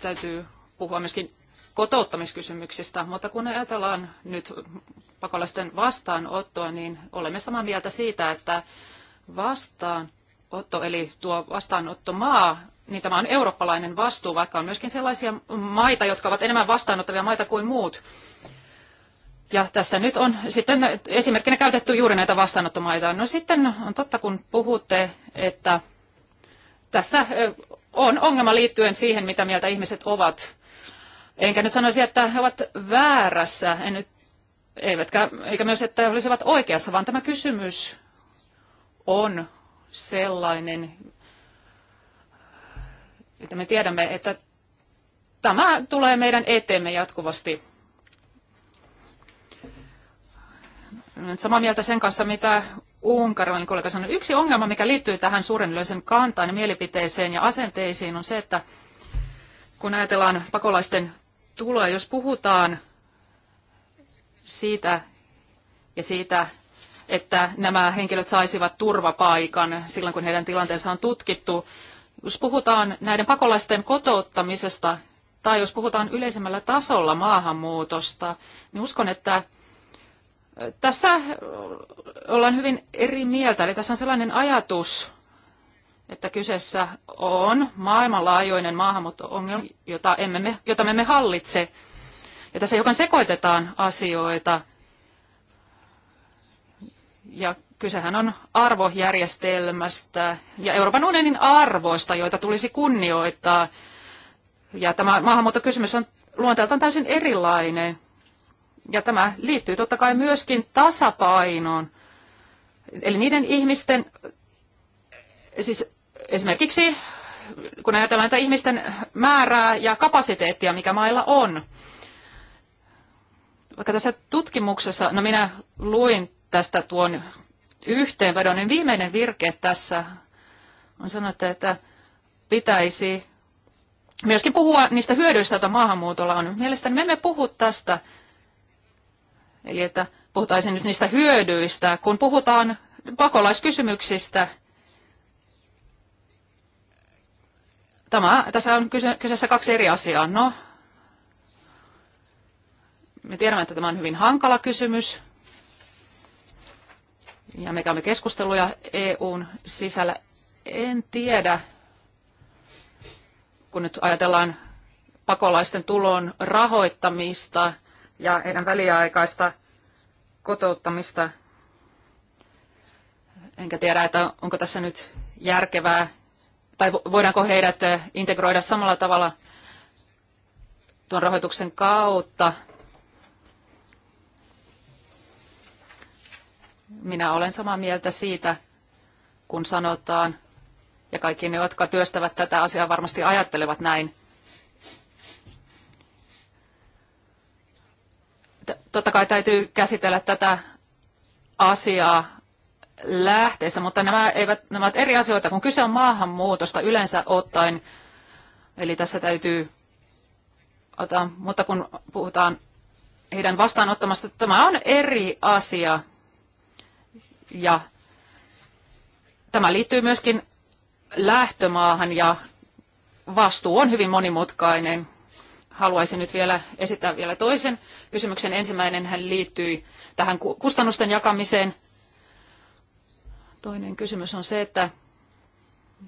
täytyy puhua myöskin kotouttamiskysymyksistä, mutta kun ajatellaan nyt pakolaisten vastaanottoa, niin olemme samaa mieltä siitä, että vastaan vastaanotto, eli tuo vastaanottomaa, niin tämä on eurooppalainen vastuu, vaikka on myöskin sellaisia maita, jotka ovat enemmän vastaanottavia maita kuin muut. Ja tässä nyt on sitten esimerkkinä käytetty juuri näitä vastaanottomaita. No sitten on totta, kun puhutte, että tässä on ongelma liittyen siihen, mitä mieltä ihmiset ovat. Enkä nyt sanoisi, että he ovat väärässä, en nyt, eivätkä, eikä myös, että he olisivat oikeassa, vaan tämä kysymys on sellainen, että me tiedämme, että tämä tulee meidän eteemme jatkuvasti. samaa mieltä sen kanssa, mitä Unkarin kollega sanoi. Yksi ongelma, mikä liittyy tähän suuren löysen kantaan ja mielipiteeseen ja asenteisiin, on se, että kun ajatellaan pakolaisten tuloa, jos puhutaan siitä ja siitä, että nämä henkilöt saisivat turvapaikan silloin, kun heidän tilanteensa on tutkittu. Jos puhutaan näiden pakolaisten kotouttamisesta tai jos puhutaan yleisemmällä tasolla maahanmuutosta, niin uskon, että tässä ollaan hyvin eri mieltä. Eli tässä on sellainen ajatus, että kyseessä on maailmanlaajuinen maahanmuutto-ongelma, jota, emme me, jota me emme hallitse. Ja tässä hiukan sekoitetaan asioita. Ja kysehän on arvojärjestelmästä ja Euroopan unionin arvoista, joita tulisi kunnioittaa. Ja tämä maahanmuuttokysymys on luonteeltaan täysin erilainen. Ja tämä liittyy totta kai myöskin tasapainoon. Eli niiden ihmisten, siis esimerkiksi kun ajatellaan että ihmisten määrää ja kapasiteettia, mikä mailla on. Vaikka tässä tutkimuksessa, no minä luin tästä tuon yhteenvedon, niin viimeinen virke tässä on sanottu, että pitäisi myöskin puhua niistä hyödyistä, joita maahanmuutolla on. Mielestäni me emme puhu tästä, eli että puhutaan nyt niistä hyödyistä, kun puhutaan pakolaiskysymyksistä. Tämä, tässä on kyseessä kaksi eri asiaa. No, me tiedämme, että tämä on hyvin hankala kysymys ja me käymme keskusteluja EUn sisällä. En tiedä, kun nyt ajatellaan pakolaisten tulon rahoittamista ja heidän väliaikaista kotouttamista. Enkä tiedä, että onko tässä nyt järkevää, tai voidaanko heidät integroida samalla tavalla tuon rahoituksen kautta Minä olen samaa mieltä siitä, kun sanotaan, ja kaikki ne, jotka työstävät tätä asiaa, varmasti ajattelevat näin. Totta kai täytyy käsitellä tätä asiaa lähteessä, mutta nämä, eivät, nämä ovat eri asioita, kun kyse on maahanmuutosta yleensä ottaen. Eli tässä täytyy ottaa, mutta kun puhutaan heidän vastaanottamasta, tämä on eri asia. Ja tämä liittyy myöskin lähtömaahan ja vastuu on hyvin monimutkainen. Haluaisin nyt vielä esittää vielä toisen kysymyksen. Ensimmäinen hän liittyy tähän kustannusten jakamiseen. Toinen kysymys on se, että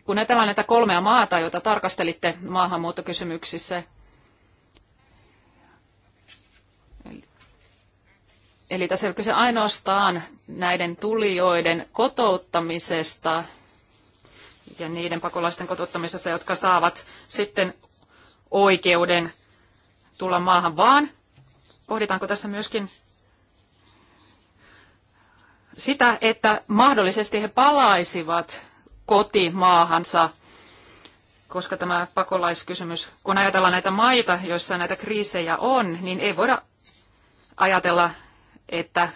kun ajatellaan näitä kolmea maata, joita tarkastelitte maahanmuuttokysymyksissä, Eli tässä on kyse ainoastaan näiden tulijoiden kotouttamisesta ja niiden pakolaisten kotouttamisesta, jotka saavat sitten oikeuden tulla maahan, vaan pohditaanko tässä myöskin sitä, että mahdollisesti he palaisivat kotimaahansa, koska tämä pakolaiskysymys, kun ajatellaan näitä maita, joissa näitä kriisejä on, niin ei voida ajatella, että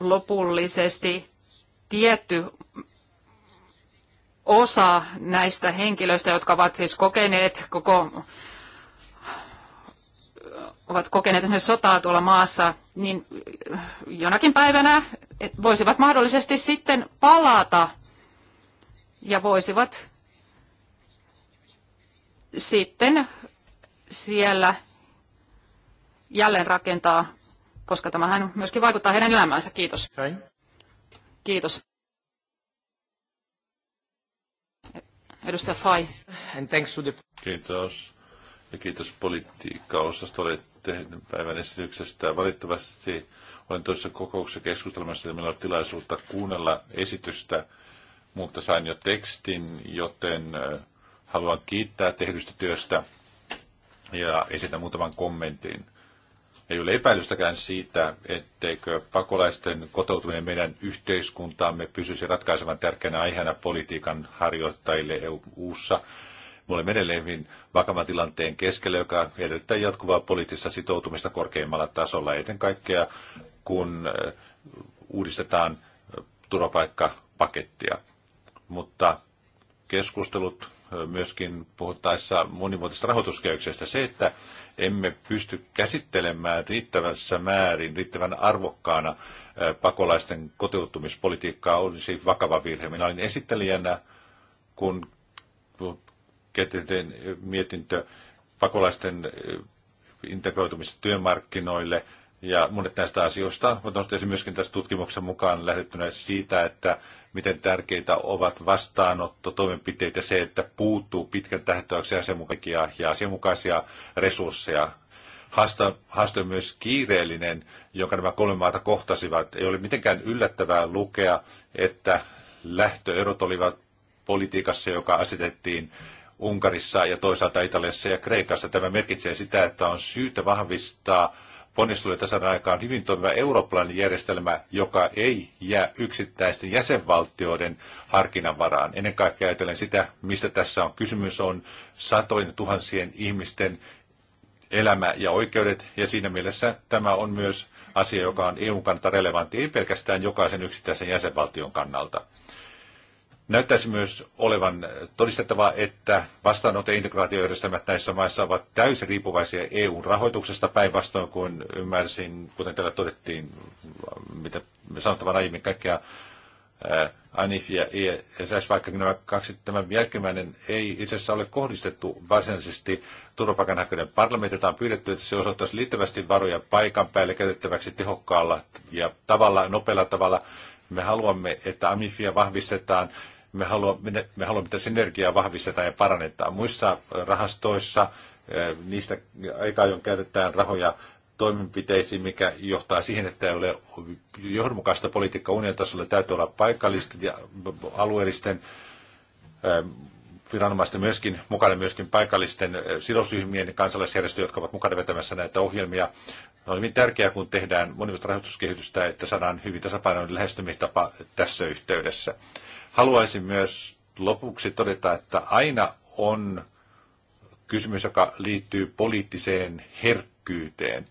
lopullisesti tietty osa näistä henkilöistä, jotka ovat siis kokeneet koko ovat kokeneet esimerkiksi sotaa tuolla maassa, niin jonakin päivänä voisivat mahdollisesti sitten palata ja voisivat sitten siellä jälleen rakentaa koska tämähän myöskin vaikuttaa heidän elämäänsä. Kiitos. Okay. Kiitos. Edustaja Fai. And thanks to the... Kiitos. Ja kiitos politiikkaosastolle tehnyt päivän esityksestä. Valitettavasti olen tuossa kokouksessa keskustelemassa, että meillä on tilaisuutta kuunnella esitystä, mutta sain jo tekstin, joten haluan kiittää tehdystä työstä ja esitän muutaman kommentin. Ei ole epäilystäkään siitä, etteikö pakolaisten kotoutuminen meidän yhteiskuntaamme pysyisi ratkaisevan tärkeänä aiheena politiikan harjoittajille EU-ssa. Me olemme edelleen hyvin vakavan tilanteen keskellä, joka edellyttää jatkuvaa poliittista sitoutumista korkeimmalla tasolla, eten kaikkea kun eh, uudistetaan eh, turvapaikkapakettia. Mutta keskustelut myöskin puhuttaessa monimuotoisesta rahoituskehyksestä. Se, että emme pysty käsittelemään riittävässä määrin, riittävän arvokkaana pakolaisten kotiuttumispolitiikkaa, olisi vakava virhe. Minä olin esittelijänä, kun mietintö pakolaisten integroitumista työmarkkinoille – ja monet näistä asioista, on nostaisin myöskin tässä tutkimuksessa mukaan lähdettynä siitä, että miten tärkeitä ovat vastaanotto, toimenpiteet ja se, että puuttuu pitkän tähtäyksen asianmukaisia ja asianmukaisia resursseja. haaste on myös kiireellinen, jonka nämä kolme maata kohtasivat. Ei ole mitenkään yllättävää lukea, että lähtöerot olivat politiikassa, joka asetettiin Unkarissa ja toisaalta Italiassa ja Kreikassa. Tämä merkitsee sitä, että on syytä vahvistaa ponnisteluja tässä aikaan hyvin toimiva eurooppalainen järjestelmä, joka ei jää yksittäisten jäsenvaltioiden harkinnan varaan. Ennen kaikkea ajatellen sitä, mistä tässä on kysymys, on satojen tuhansien ihmisten elämä ja oikeudet, ja siinä mielessä tämä on myös asia, joka on EUn kannalta relevantti, ei pelkästään jokaisen yksittäisen jäsenvaltion kannalta. Näyttäisi myös olevan todistettavaa, että vastaanotto- ja integraatiojärjestelmät näissä maissa ovat täysin riippuvaisia EUn rahoituksesta päinvastoin kuin ymmärsin, kuten täällä todettiin, mitä me sanottavan aiemmin kaikkea ANIF ja ESS, vaikka nämä kaksi tämän jälkimmäinen ei itse asiassa ole kohdistettu varsinaisesti turvapaikanhakijoiden parlamentilta on pyydetty, että se osoittaisi liittävästi varoja paikan päälle käytettäväksi tehokkaalla ja tavalla, nopealla tavalla. Me haluamme, että AMIFia vahvistetaan me haluamme, me, haluamme että synergiaa vahvistetaan ja parannetaan. Muissa rahastoissa eh, niistä aika ajoin käytetään rahoja toimenpiteisiin, mikä johtaa siihen, että ei ole johdonmukaista politiikkaa unionin tasolla. Täytyy olla paikallisten ja alueellisten eh, viranomaisten myöskin mukana myöskin paikallisten eh, sidosryhmien kansalaisjärjestöjä, jotka ovat mukana vetämässä näitä ohjelmia. On hyvin tärkeää, kun tehdään monivuotista rahoituskehitystä, että saadaan hyvin tasapainoinen lähestymistapa tässä yhteydessä. Haluaisin myös lopuksi todeta, että aina on kysymys, joka liittyy poliittiseen herkkyyteen.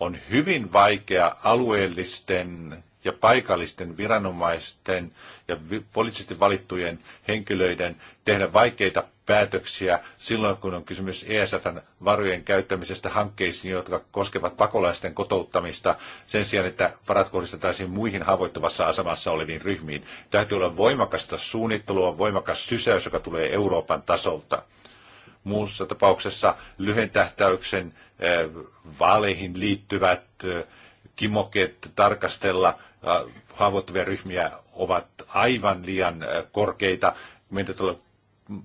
On hyvin vaikea alueellisten ja paikallisten viranomaisten ja poliittisesti valittujen henkilöiden tehdä vaikeita päätöksiä silloin, kun on kysymys ESFn varojen käyttämisestä hankkeisiin, jotka koskevat pakolaisten kotouttamista, sen sijaan, että varat kohdistetaisiin muihin haavoittuvassa asemassa oleviin ryhmiin. Täytyy olla voimakasta suunnittelua, voimakas sysäys, joka tulee Euroopan tasolta. Muussa tapauksessa lyhyen tähtäyksen eh, vaaleihin liittyvät eh, kimoket tarkastella eh, haavoittuvia ryhmiä ovat aivan liian korkeita. Meidän tulee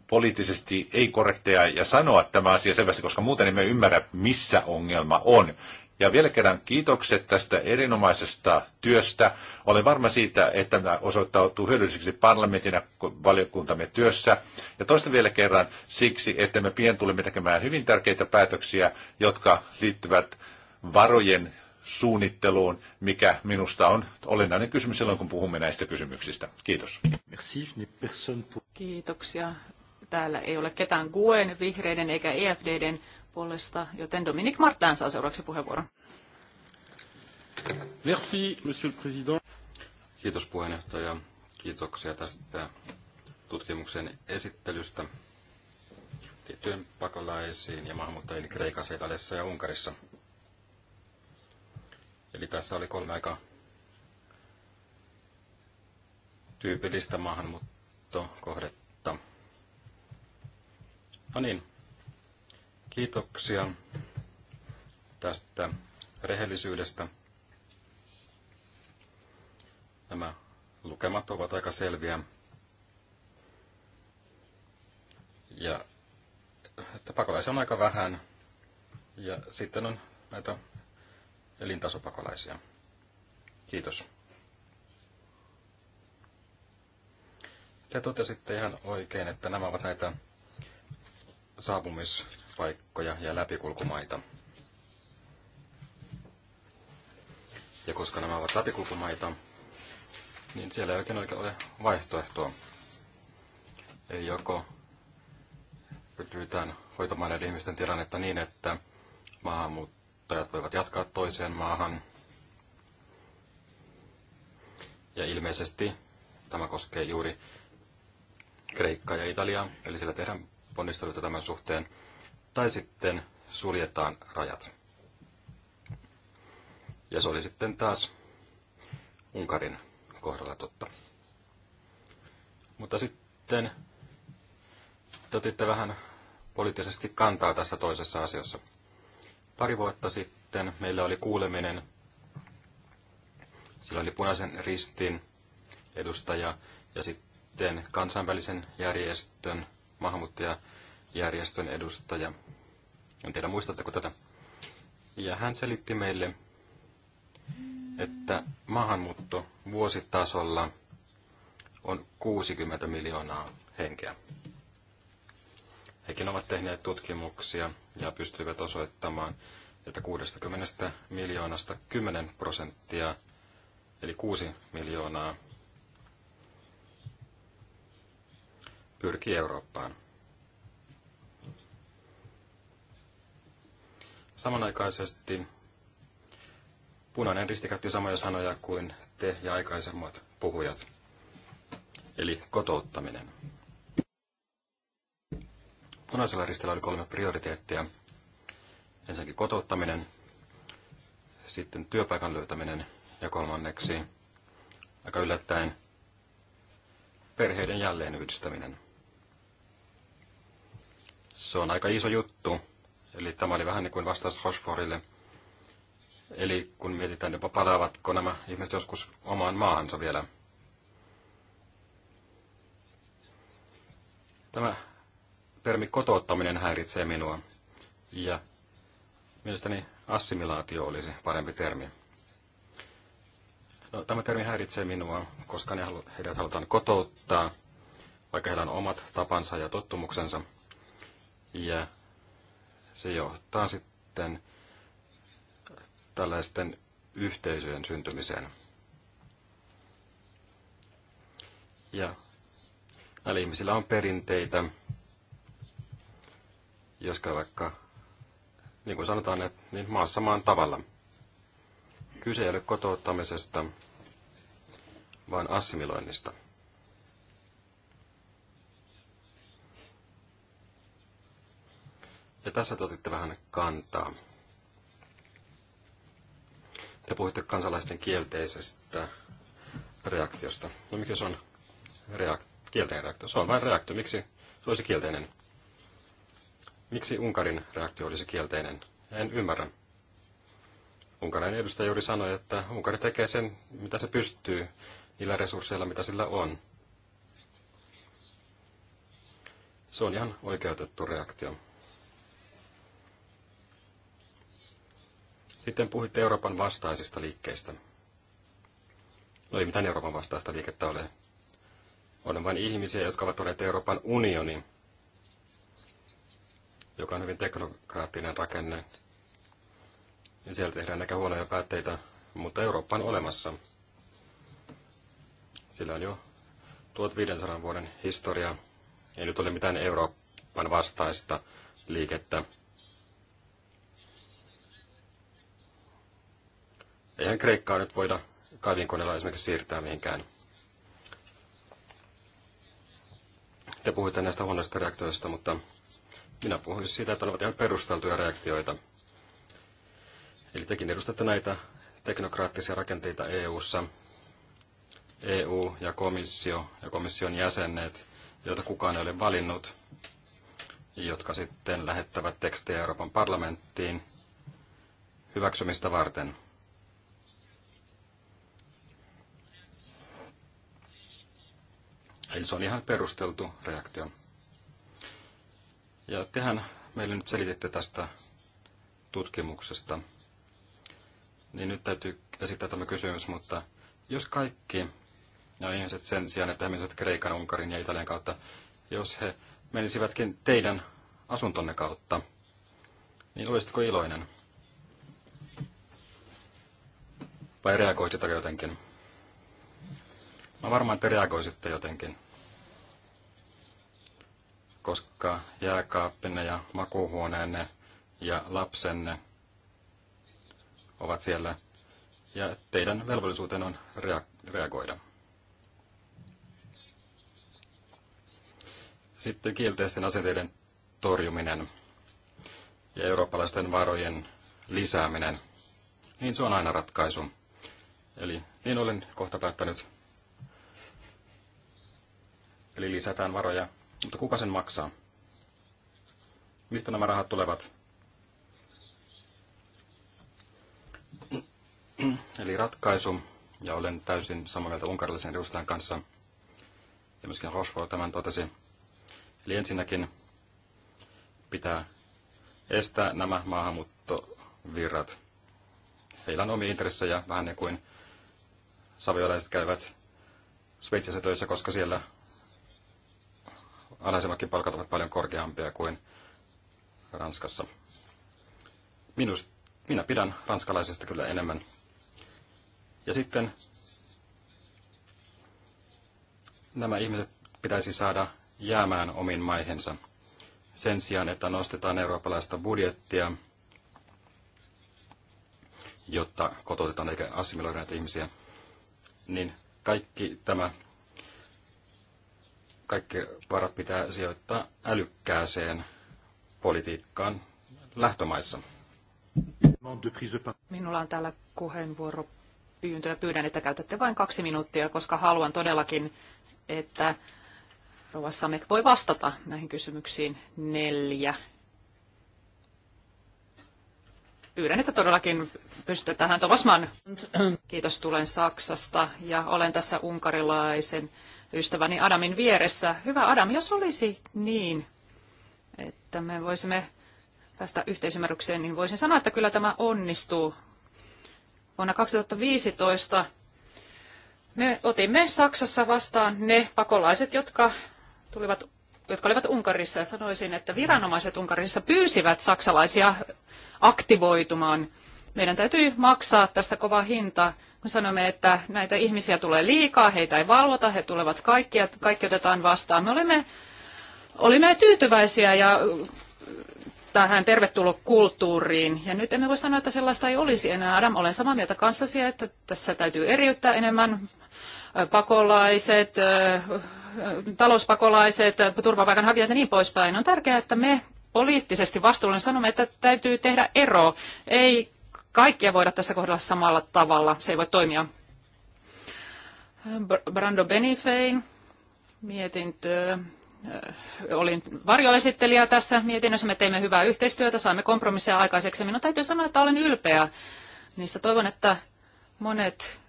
poliittisesti ei-korrekteja ja sanoa tämä asia selvästi, koska muuten emme ymmärrä, missä ongelma on. Ja vielä kerran kiitokset tästä erinomaisesta työstä. Olen varma siitä, että tämä osoittautuu hyödylliseksi parlamentin ja valiokuntamme työssä. Ja toista vielä kerran siksi, että me pian tulemme tekemään hyvin tärkeitä päätöksiä, jotka liittyvät varojen suunnitteluun, mikä minusta on olennainen kysymys silloin, kun puhumme näistä kysymyksistä. Kiitos. Kiitoksia. Täällä ei ole ketään GUEn, vihreiden eikä EFDden puolesta, joten Dominik Martin saa seuraavaksi puheenvuoron. Merci, monsieur le président. Kiitos puheenjohtaja. Kiitoksia tästä tutkimuksen esittelystä tiettyjen pakolaisiin ja maahanmuuttajiin Kreikassa, Italiassa ja Unkarissa. Eli tässä oli kolme aika tyypillistä maahanmuuttokohdetta No niin, kiitoksia tästä rehellisyydestä. Nämä lukemat ovat aika selviä. Ja että pakolaisia on aika vähän. Ja sitten on näitä elintasopakolaisia. Kiitos. Te totesitte ihan oikein, että nämä ovat näitä saapumispaikkoja ja läpikulkumaita. Ja koska nämä ovat läpikulkumaita, niin siellä ei oikein oikein ole vaihtoehtoa. Ei joko pyritään hoitamaan näiden ihmisten tilannetta niin, että maahanmuuttajat voivat jatkaa toiseen maahan. Ja ilmeisesti tämä koskee juuri Kreikkaa ja Italiaa, eli siellä tehdään ponnisteluita tämän suhteen, tai sitten suljetaan rajat. Ja se oli sitten taas Unkarin kohdalla totta. Mutta sitten totitte vähän poliittisesti kantaa tässä toisessa asiassa. Pari vuotta sitten meillä oli kuuleminen. Sillä oli punaisen ristin edustaja ja sitten kansainvälisen järjestön maahanmuuttajajärjestön edustaja. En tiedä, muistatteko tätä? Ja hän selitti meille, että maahanmuutto vuositasolla on 60 miljoonaa henkeä. Hekin ovat tehneet tutkimuksia ja pystyivät osoittamaan, että 60 miljoonasta 10 prosenttia, eli 6 miljoonaa pyrkii Eurooppaan. Samanaikaisesti punainen risti käytti samoja sanoja kuin te ja aikaisemmat puhujat, eli kotouttaminen. Punaisella ristillä oli kolme prioriteettia. Ensinnäkin kotouttaminen, sitten työpaikan löytäminen ja kolmanneksi aika yllättäen perheiden jälleen yhdistäminen. Se on aika iso juttu. Eli tämä oli vähän niin kuin vastaus Rochefortille. Eli kun mietitään jopa palaavatko nämä ihmiset joskus omaan maahansa vielä. Tämä termi kotouttaminen häiritsee minua. Ja mielestäni assimilaatio olisi parempi termi. No, tämä termi häiritsee minua, koska ne halu- heidät halutaan kotouttaa, vaikka heillä on omat tapansa ja tottumuksensa – ja se johtaa sitten tällaisten yhteisöjen syntymiseen. Ja näillä ihmisillä on perinteitä, joska vaikka, niin kuin sanotaan, että, niin maassa maan tavalla. Kyse ei ole kotouttamisesta, vaan assimiloinnista. Ja tässä te otitte vähän kantaa. Te puhuitte kansalaisten kielteisestä reaktiosta. No mikä se on reak- kielteinen reaktio? Se on vain reaktio. Miksi se olisi kielteinen? Miksi Unkarin reaktio olisi kielteinen? En ymmärrä. Unkarin edustaja juuri sanoi, että Unkari tekee sen, mitä se pystyy, niillä resursseilla, mitä sillä on. Se on ihan oikeutettu reaktio. Sitten puhuitte Euroopan vastaisista liikkeistä. No ei mitään Euroopan vastaista liikettä ole. On vain ihmisiä, jotka ovat olleet Euroopan unioni, joka on hyvin teknokraattinen rakenne. Ja siellä tehdään näkä huonoja päätteitä, mutta Eurooppa on olemassa. Sillä on jo 1500 vuoden historia. Ei nyt ole mitään Euroopan vastaista liikettä. Eihän Kreikkaa nyt voida kaivinkoneella esimerkiksi siirtää mihinkään. Te puhuitte näistä huonoista reaktioista, mutta minä puhuisin siitä, että olivat ihan perusteltuja reaktioita. Eli tekin edustatte näitä teknokraattisia rakenteita EU:ssa, EU ja komissio ja komission jäsenet, joita kukaan ei ole valinnut, jotka sitten lähettävät tekstejä Euroopan parlamenttiin hyväksymistä varten. Eli se on ihan perusteltu reaktio. Ja tehän meille nyt selititte tästä tutkimuksesta. Niin nyt täytyy esittää tämä kysymys, mutta jos kaikki ja ihmiset sen sijaan, että he menisivät Kreikan, Unkarin ja Italian kautta, jos he menisivätkin teidän asuntonne kautta, niin olisitko iloinen? Vai reagoisitko jotenkin? Mä varmaan, että reagoisitte jotenkin koska jääkaappinne ja makuuhuoneenne ja lapsenne ovat siellä ja teidän velvollisuuteen on rea- reagoida. Sitten kielteisten asenteiden torjuminen ja eurooppalaisten varojen lisääminen. Niin se on aina ratkaisu. Eli niin olen kohta päättänyt. Eli lisätään varoja mutta kuka sen maksaa? Mistä nämä rahat tulevat? Eli ratkaisu, ja olen täysin samaa mieltä unkarilaisen edustajan kanssa, ja myöskin Rochefort tämän totesi. Eli ensinnäkin pitää estää nämä maahanmuuttovirrat. Heillä on omia intressejä, vähän niin kuin saviolaiset käyvät Sveitsissä töissä, koska siellä alhaisemmatkin palkat ovat paljon korkeampia kuin Ranskassa. Minus, minä pidän ranskalaisesta kyllä enemmän. Ja sitten nämä ihmiset pitäisi saada jäämään omiin maihinsa sen sijaan, että nostetaan eurooppalaista budjettia, jotta kotoutetaan eikä assimiloida näitä ihmisiä, niin kaikki tämä kaikki varat pitää sijoittaa älykkääseen politiikkaan lähtömaissa. Minulla on täällä puheenvuoropyyntö ja pyydän, että käytätte vain kaksi minuuttia, koska haluan todellakin, että Rova Samek voi vastata näihin kysymyksiin neljä. Pyydän, että todellakin pystytte tähän. Thomas Kiitos, tulen Saksasta ja olen tässä unkarilaisen ystäväni Adamin vieressä. Hyvä Adam, jos olisi niin, että me voisimme päästä yhteisymmärrykseen, niin voisin sanoa, että kyllä tämä onnistuu. Vuonna 2015 me otimme Saksassa vastaan ne pakolaiset, jotka, tulivat, jotka olivat Unkarissa. Ja sanoisin, että viranomaiset Unkarissa pyysivät saksalaisia aktivoitumaan. Meidän täytyy maksaa tästä kova hinta. Me sanomme, että näitä ihmisiä tulee liikaa, heitä ei valvota, he tulevat kaikki ja kaikki otetaan vastaan. Me olimme, olimme tyytyväisiä ja tähän tervetulokulttuuriin. Ja nyt emme voi sanoa, että sellaista ei olisi enää. Adam, olen samaa mieltä kanssasi, että tässä täytyy eriyttää enemmän pakolaiset, äh, talouspakolaiset, turvapaikanhakijat ja niin poispäin. On tärkeää, että me poliittisesti vastuullinen sanomme, että täytyy tehdä ero. Ei kaikkia voida tässä kohdalla samalla tavalla. Se ei voi toimia. Brando Benifein mietintö. Äh, olin varjoesittelijä tässä mietinnössä. Me teimme hyvää yhteistyötä, saimme kompromisseja aikaiseksi. Minun täytyy sanoa, että olen ylpeä niistä. Toivon, että monet,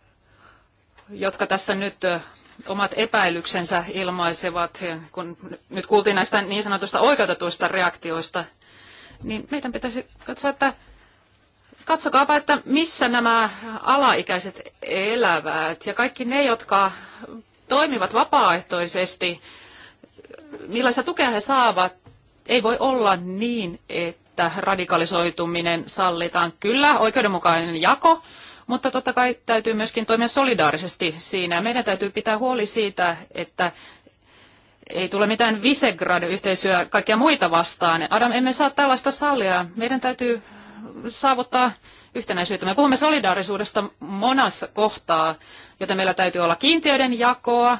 jotka tässä nyt äh, omat epäilyksensä ilmaisevat, kun nyt kuultiin näistä niin sanotusta oikeutetuista reaktioista, niin meidän pitäisi katsoa, että Katsokaapa, että missä nämä alaikäiset elävät ja kaikki ne, jotka toimivat vapaaehtoisesti, millaista tukea he saavat. Ei voi olla niin, että radikalisoituminen sallitaan. Kyllä, oikeudenmukainen jako, mutta totta kai täytyy myöskin toimia solidaarisesti siinä. Meidän täytyy pitää huoli siitä, että ei tule mitään Visegrad-yhteisöä kaikkia muita vastaan. Adam, emme saa tällaista sallia. Meidän täytyy saavuttaa yhtenäisyyttä. Me puhumme solidaarisuudesta monassa kohtaa, joten meillä täytyy olla kiintiöiden jakoa,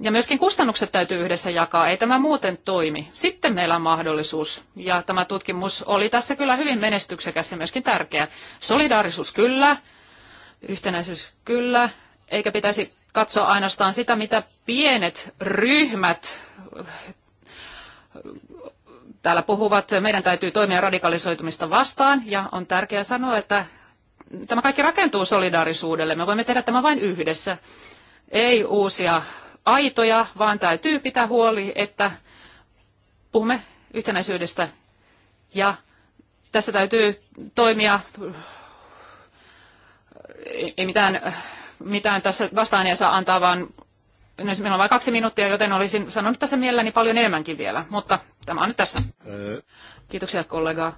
ja myöskin kustannukset täytyy yhdessä jakaa, ei tämä muuten toimi. Sitten meillä on mahdollisuus, ja tämä tutkimus oli tässä kyllä hyvin menestyksekäs ja myöskin tärkeä. Solidaarisuus kyllä, yhtenäisyys kyllä, eikä pitäisi katsoa ainoastaan sitä, mitä pienet ryhmät täällä puhuvat, meidän täytyy toimia radikalisoitumista vastaan ja on tärkeää sanoa, että tämä kaikki rakentuu solidaarisuudelle. Me voimme tehdä tämä vain yhdessä. Ei uusia aitoja, vaan täytyy pitää huoli, että puhumme yhtenäisyydestä ja tässä täytyy toimia ei mitään, mitään tässä vastaan ei saa antaa, vaan No, siis meillä on vain kaksi minuuttia, joten olisin sanonut tässä mielelläni paljon enemmänkin vielä, mutta tämä on nyt tässä. Kiitoksia kollega.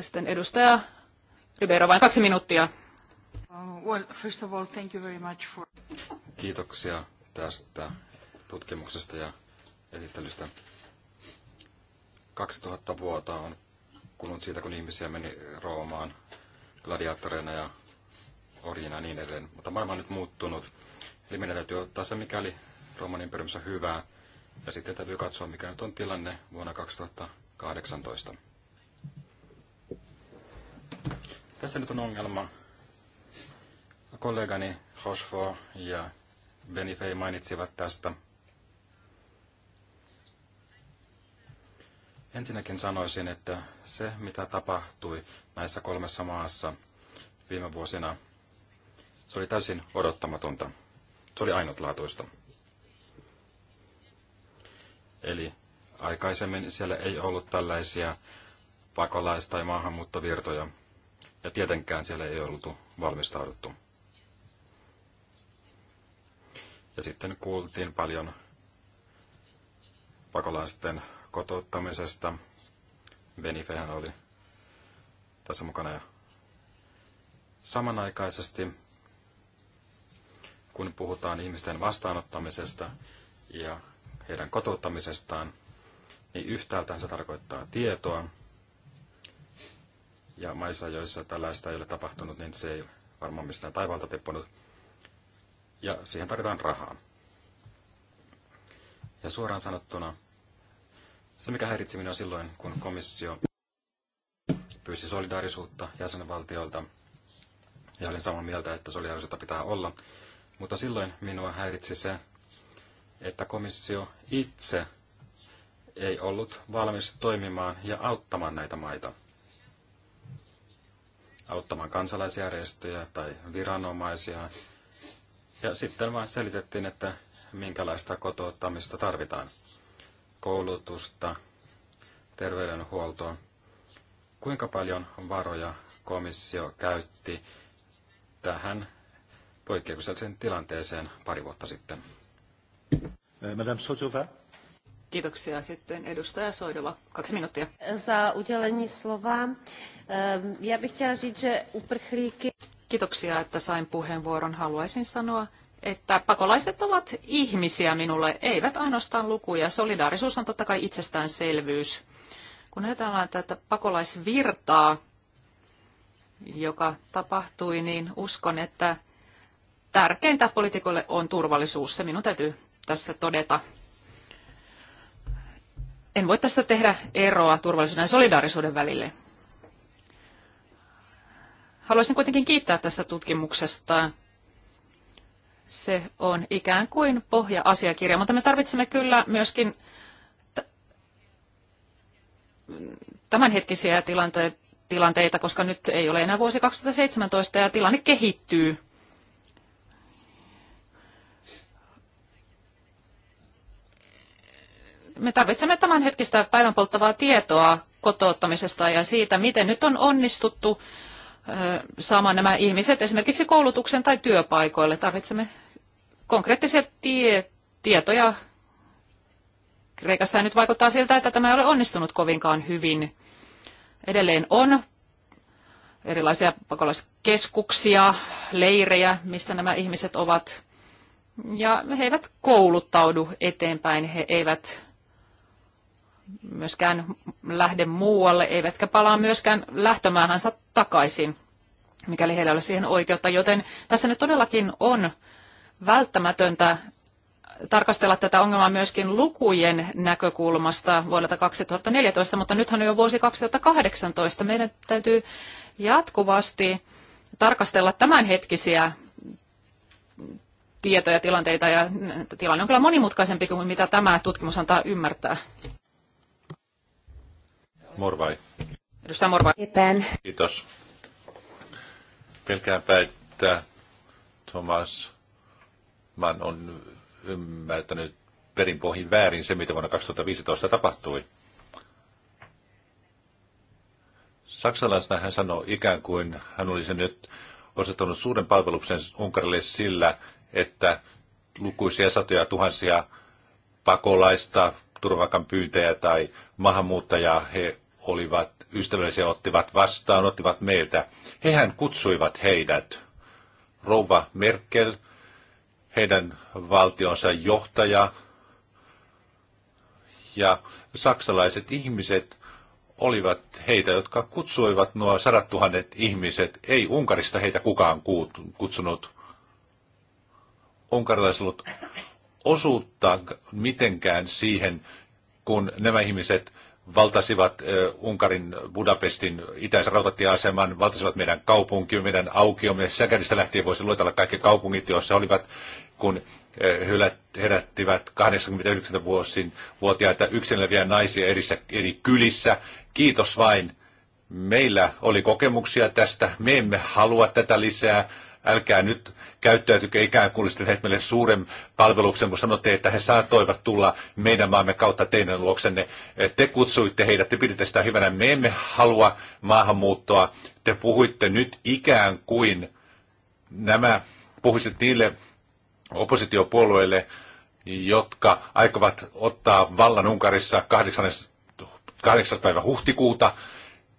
Sitten edustaja Ribeiro, vain kaksi minuuttia. Uh, well, first of all, thank you very much for... Kiitoksia tästä tutkimuksesta ja esittelystä. 2000 vuotta on kulunut siitä, kun ihmisiä meni Roomaan gladiaattoreina ja orjina ja niin edelleen. Mutta maailma on nyt muuttunut Eli meidän täytyy ottaa se, mikäli Rooman imperiumissa hyvää, ja sitten täytyy katsoa, mikä nyt on tilanne vuonna 2018. Tässä nyt on ongelma. Kollegani Hosfo ja Fay mainitsivat tästä. Ensinnäkin sanoisin, että se mitä tapahtui näissä kolmessa maassa viime vuosina, se oli täysin odottamatonta. Se oli ainutlaatuista. Eli aikaisemmin siellä ei ollut tällaisia pakolais- tai maahanmuuttovirtoja, ja tietenkään siellä ei ollut valmistauduttu. Ja sitten kuultiin paljon pakolaisten kotouttamisesta. Benifehän oli tässä mukana. Ja samanaikaisesti kun puhutaan ihmisten vastaanottamisesta ja heidän kotouttamisestaan, niin yhtäältään se tarkoittaa tietoa, ja maissa, joissa tällaista ei ole tapahtunut, niin se ei varmaan mistään taivaalta tippunut, ja siihen tarvitaan rahaa. Ja suoraan sanottuna, se mikä häiritsi minua silloin, kun komissio pyysi solidaarisuutta jäsenvaltioilta, ja olin samaa mieltä, että solidaarisuutta pitää olla, mutta silloin minua häiritsi se, että komissio itse ei ollut valmis toimimaan ja auttamaan näitä maita. Auttamaan kansalaisjärjestöjä tai viranomaisia. Ja sitten vain selitettiin, että minkälaista kotouttamista tarvitaan. Koulutusta, terveydenhuoltoa. Kuinka paljon varoja komissio käytti tähän poikkeukselliseen tilanteeseen pari vuotta sitten? Eh, Madame Sotova. Kiitoksia. Sitten edustaja Soidova. Kaksi minuuttia. Za udělení slova. Já bych chtěla říct, že uprchlíky... Kiitoksia, että sain puheenvuoron. Haluaisin sanoa, että pakolaiset ovat ihmisiä minulle, eivät ainoastaan lukuja. Solidaarisuus on totta kai itsestäänselvyys. Kun ajatellaan tätä pakolaisvirtaa, joka tapahtui, niin uskon, että tärkeintä poliitikolle on turvallisuus. Se minun täytyy tässä todeta. En voi tässä tehdä eroa turvallisuuden ja solidaarisuuden välille. Haluaisin kuitenkin kiittää tästä tutkimuksesta. Se on ikään kuin pohja-asiakirja, mutta me tarvitsemme kyllä myöskin tämänhetkisiä tilanteita, koska nyt ei ole enää vuosi 2017 ja tilanne kehittyy. me tarvitsemme tämänhetkistä päivän polttavaa tietoa kotouttamisesta ja siitä, miten nyt on onnistuttu saamaan nämä ihmiset esimerkiksi koulutuksen tai työpaikoille. Tarvitsemme konkreettisia tie- tietoja. Kreikasta nyt vaikuttaa siltä, että tämä ei ole onnistunut kovinkaan hyvin. Edelleen on erilaisia pakolaiskeskuksia, leirejä, missä nämä ihmiset ovat. Ja he eivät kouluttaudu eteenpäin, he eivät myöskään lähde muualle, eivätkä palaa myöskään lähtömäähänsä takaisin, mikäli heillä ei ole siihen oikeutta. Joten tässä nyt todellakin on välttämätöntä tarkastella tätä ongelmaa myöskin lukujen näkökulmasta vuodelta 2014, mutta nythän on jo vuosi 2018. Meidän täytyy jatkuvasti tarkastella tämänhetkisiä tietoja, tilanteita, ja tilanne on kyllä monimutkaisempi kuin mitä tämä tutkimus antaa ymmärtää. Morvai. Edustaja Morvai. Epän. Kiitos. Pelkäänpä, että Thomas Mann on ymmärtänyt perinpohjin väärin se, mitä vuonna 2015 tapahtui. Saksalaisena hän sanoi ikään kuin hän olisi nyt osoittanut suuren palveluksen Unkarille sillä, että lukuisia satoja tuhansia pakolaista, turvakan pyytäjä tai maahanmuuttajaa he olivat ystävällisiä, ottivat vastaan, ottivat meiltä. Hehän kutsuivat heidät. Rouva Merkel, heidän valtionsa johtaja ja saksalaiset ihmiset olivat heitä, jotka kutsuivat nuo sadat tuhannet ihmiset. Ei Unkarista heitä kukaan kutsunut. Unkarilaisilla ollut osuutta mitenkään siihen, kun nämä ihmiset valtasivat Unkarin Budapestin itäisen rautatieaseman, valtasivat meidän kaupunki, meidän aukiomme. Säkäristä lähtien voisi luetella kaikki kaupungit, joissa olivat, kun herättivät 89-vuotiaita yksinäviä naisia erissä, eri kylissä. Kiitos vain. Meillä oli kokemuksia tästä. Me emme halua tätä lisää älkää nyt käyttäytykö ikään kuin sitten tehneet meille suuren palveluksen, kun sanotte, että he saattoivat tulla meidän maamme kautta teidän luoksenne. Te kutsuitte heidät, te piditte sitä hyvänä. Me emme halua maahanmuuttoa. Te puhuitte nyt ikään kuin nämä, puhuisit niille oppositiopuolueille, jotka aikovat ottaa vallan Unkarissa 8. 8. päivä huhtikuuta.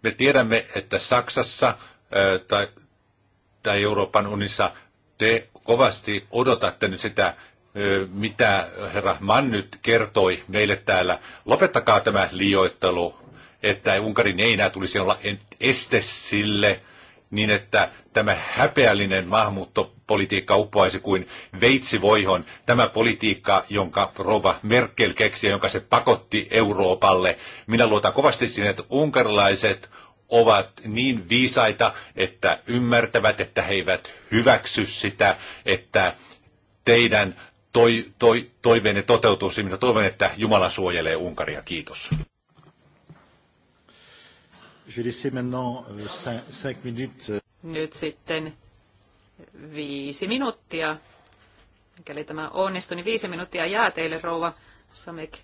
Me tiedämme, että Saksassa tai tai Euroopan unissa te kovasti odotatte nyt sitä, mitä herra Mann nyt kertoi meille täällä. Lopettakaa tämä liioittelu, että Unkarin ei enää tulisi olla este sille, niin että tämä häpeällinen maahanmuuttopolitiikka uppoaisi kuin veitsi voihon. Tämä politiikka, jonka rova Merkel keksi ja jonka se pakotti Euroopalle. Minä luotan kovasti siihen, että unkarilaiset ovat niin viisaita, että ymmärtävät, että he eivät hyväksy sitä, että teidän toi, toi, toiveenne toteutuu. Minä toivon, että Jumala suojelee Unkaria. Kiitos. Euh, euh, Nyt sitten viisi minuuttia. Mikäli tämä onnistui, niin viisi minuuttia jää teille, rouva Samek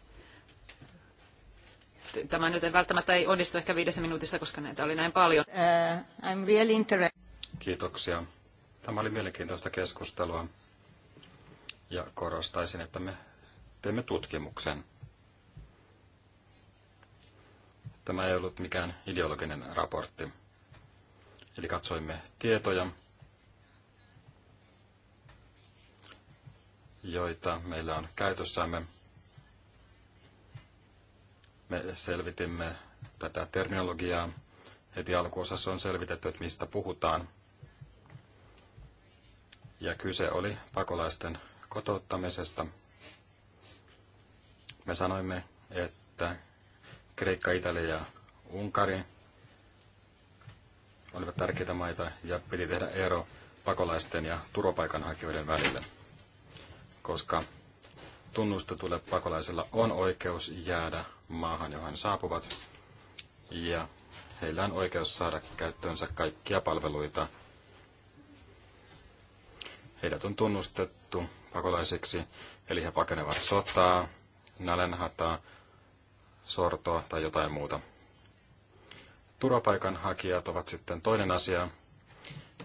tämä nyt välttämättä ei onnistu ehkä viidessä minuutissa, koska näitä oli näin paljon. Uh, I'm really interested. Kiitoksia. Tämä oli mielenkiintoista keskustelua ja korostaisin, että me teemme tutkimuksen. Tämä ei ollut mikään ideologinen raportti. Eli katsoimme tietoja, joita meillä on käytössämme me selvitimme tätä terminologiaa. Heti alkuosassa on selvitetty, että mistä puhutaan. Ja kyse oli pakolaisten kotouttamisesta. Me sanoimme, että Kreikka, Italia ja Unkari olivat tärkeitä maita ja piti tehdä ero pakolaisten ja turvapaikanhakijoiden välille, koska tunnustetulle pakolaisella on oikeus jäädä maahan, johon saapuvat, ja heillä on oikeus saada käyttöönsä kaikkia palveluita. Heidät on tunnustettu pakolaisiksi, eli he pakenevat sotaa, nälänhataa, sortoa tai jotain muuta. Turvapaikanhakijat ovat sitten toinen asia.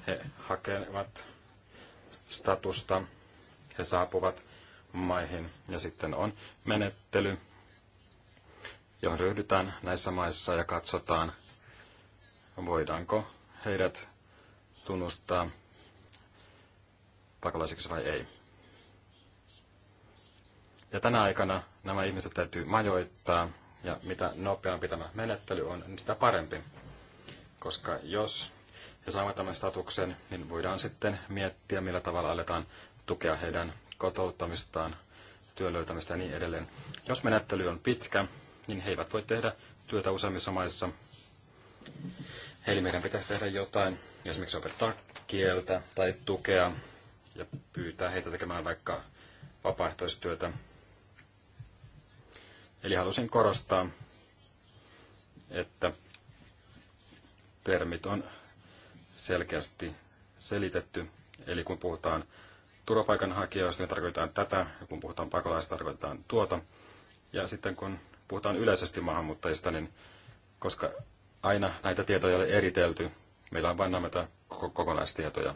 He hakevat statusta, he saapuvat maihin ja sitten on menettely, johon ryhdytään näissä maissa ja katsotaan, voidaanko heidät tunnustaa pakolaisiksi vai ei. Ja tänä aikana nämä ihmiset täytyy majoittaa, ja mitä nopeampi tämä menettely on, niin sitä parempi. Koska jos he saavat tämän statuksen, niin voidaan sitten miettiä, millä tavalla aletaan tukea heidän kotouttamistaan, työn löytämistä ja niin edelleen. Jos menettely on pitkä, niin he eivät voi tehdä työtä useimmissa maissa. Eli meidän pitäisi tehdä jotain, esimerkiksi opettaa kieltä tai tukea ja pyytää heitä tekemään vaikka vapaaehtoistyötä. Eli halusin korostaa, että termit on selkeästi selitetty. Eli kun puhutaan turvapaikanhakijoista, niin tarkoitetaan tätä, ja kun puhutaan pakolaisista, tarkoitetaan tuota. Ja sitten kun puhutaan yleisesti maahanmuuttajista, niin koska aina näitä tietoja ei ole eritelty, meillä on vain näitä kokonaistietoja.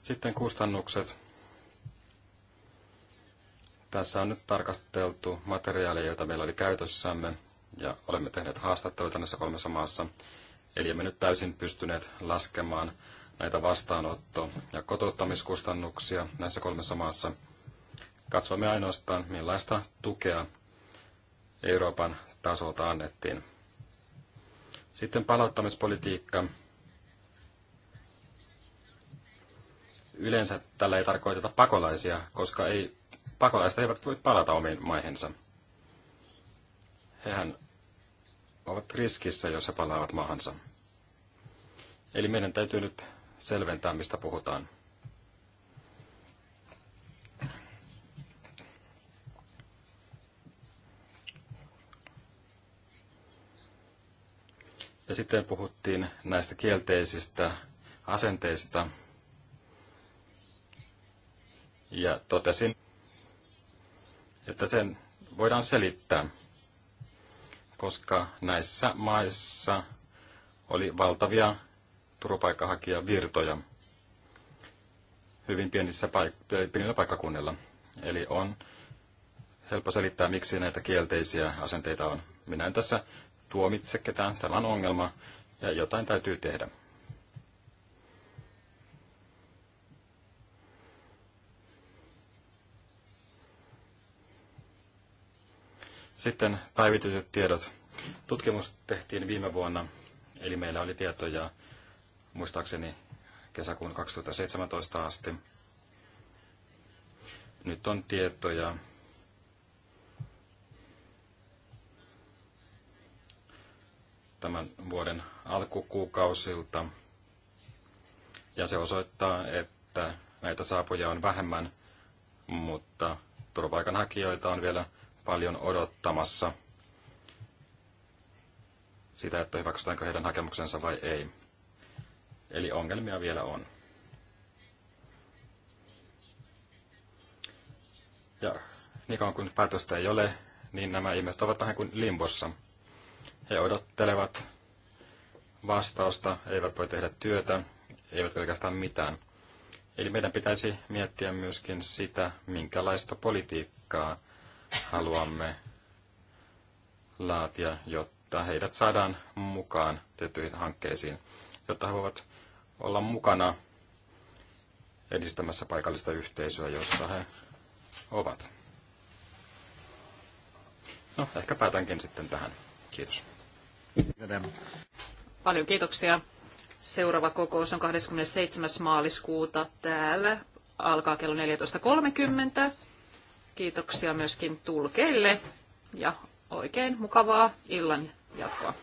Sitten kustannukset. Tässä on nyt tarkasteltu materiaaleja, joita meillä oli käytössämme, ja olemme tehneet haastatteluita näissä kolmessa maassa. Eli emme nyt täysin pystyneet laskemaan näitä vastaanotto- ja kotouttamiskustannuksia näissä kolmessa maassa. Katsomme ainoastaan, millaista tukea Euroopan tasolta annettiin. Sitten palauttamispolitiikka. Yleensä tällä ei tarkoiteta pakolaisia, koska ei, pakolaiset eivät voi palata omiin maihinsa. Hehän ovat riskissä, jos he palaavat maahansa. Eli meidän täytyy nyt selventää, mistä puhutaan. Ja sitten puhuttiin näistä kielteisistä asenteista. Ja totesin, että sen voidaan selittää, koska näissä maissa oli valtavia turvapaikanhakijavirtoja hyvin pienissä paik- pienillä paikkakunnilla. Eli on helppo selittää, miksi näitä kielteisiä asenteita on. Minä en tässä tuomitse ketään, tämä on ongelma ja jotain täytyy tehdä. Sitten päivitetyt tiedot. Tutkimus tehtiin viime vuonna, eli meillä oli tietoja muistaakseni kesäkuun 2017 asti. Nyt on tietoja tämän vuoden alkukuukausilta. Ja se osoittaa, että näitä saapuja on vähemmän, mutta turvapaikanhakijoita on vielä paljon odottamassa sitä, että hyväksytäänkö heidän hakemuksensa vai ei. Eli ongelmia vielä on. Ja niin kauan kuin päätöstä ei ole, niin nämä ihmiset ovat vähän kuin limbossa. He odottelevat vastausta, eivät voi tehdä työtä, eivät oikeastaan mitään. Eli meidän pitäisi miettiä myöskin sitä, minkälaista politiikkaa haluamme laatia, jotta heidät saadaan mukaan tiettyihin hankkeisiin jotta he voivat olla mukana edistämässä paikallista yhteisöä, jossa he ovat. No, ehkä päätänkin sitten tähän. Kiitos. Paljon kiitoksia. Seuraava kokous on 27. maaliskuuta täällä. Alkaa kello 14.30. Kiitoksia myöskin tulkeille ja oikein mukavaa illan jatkoa.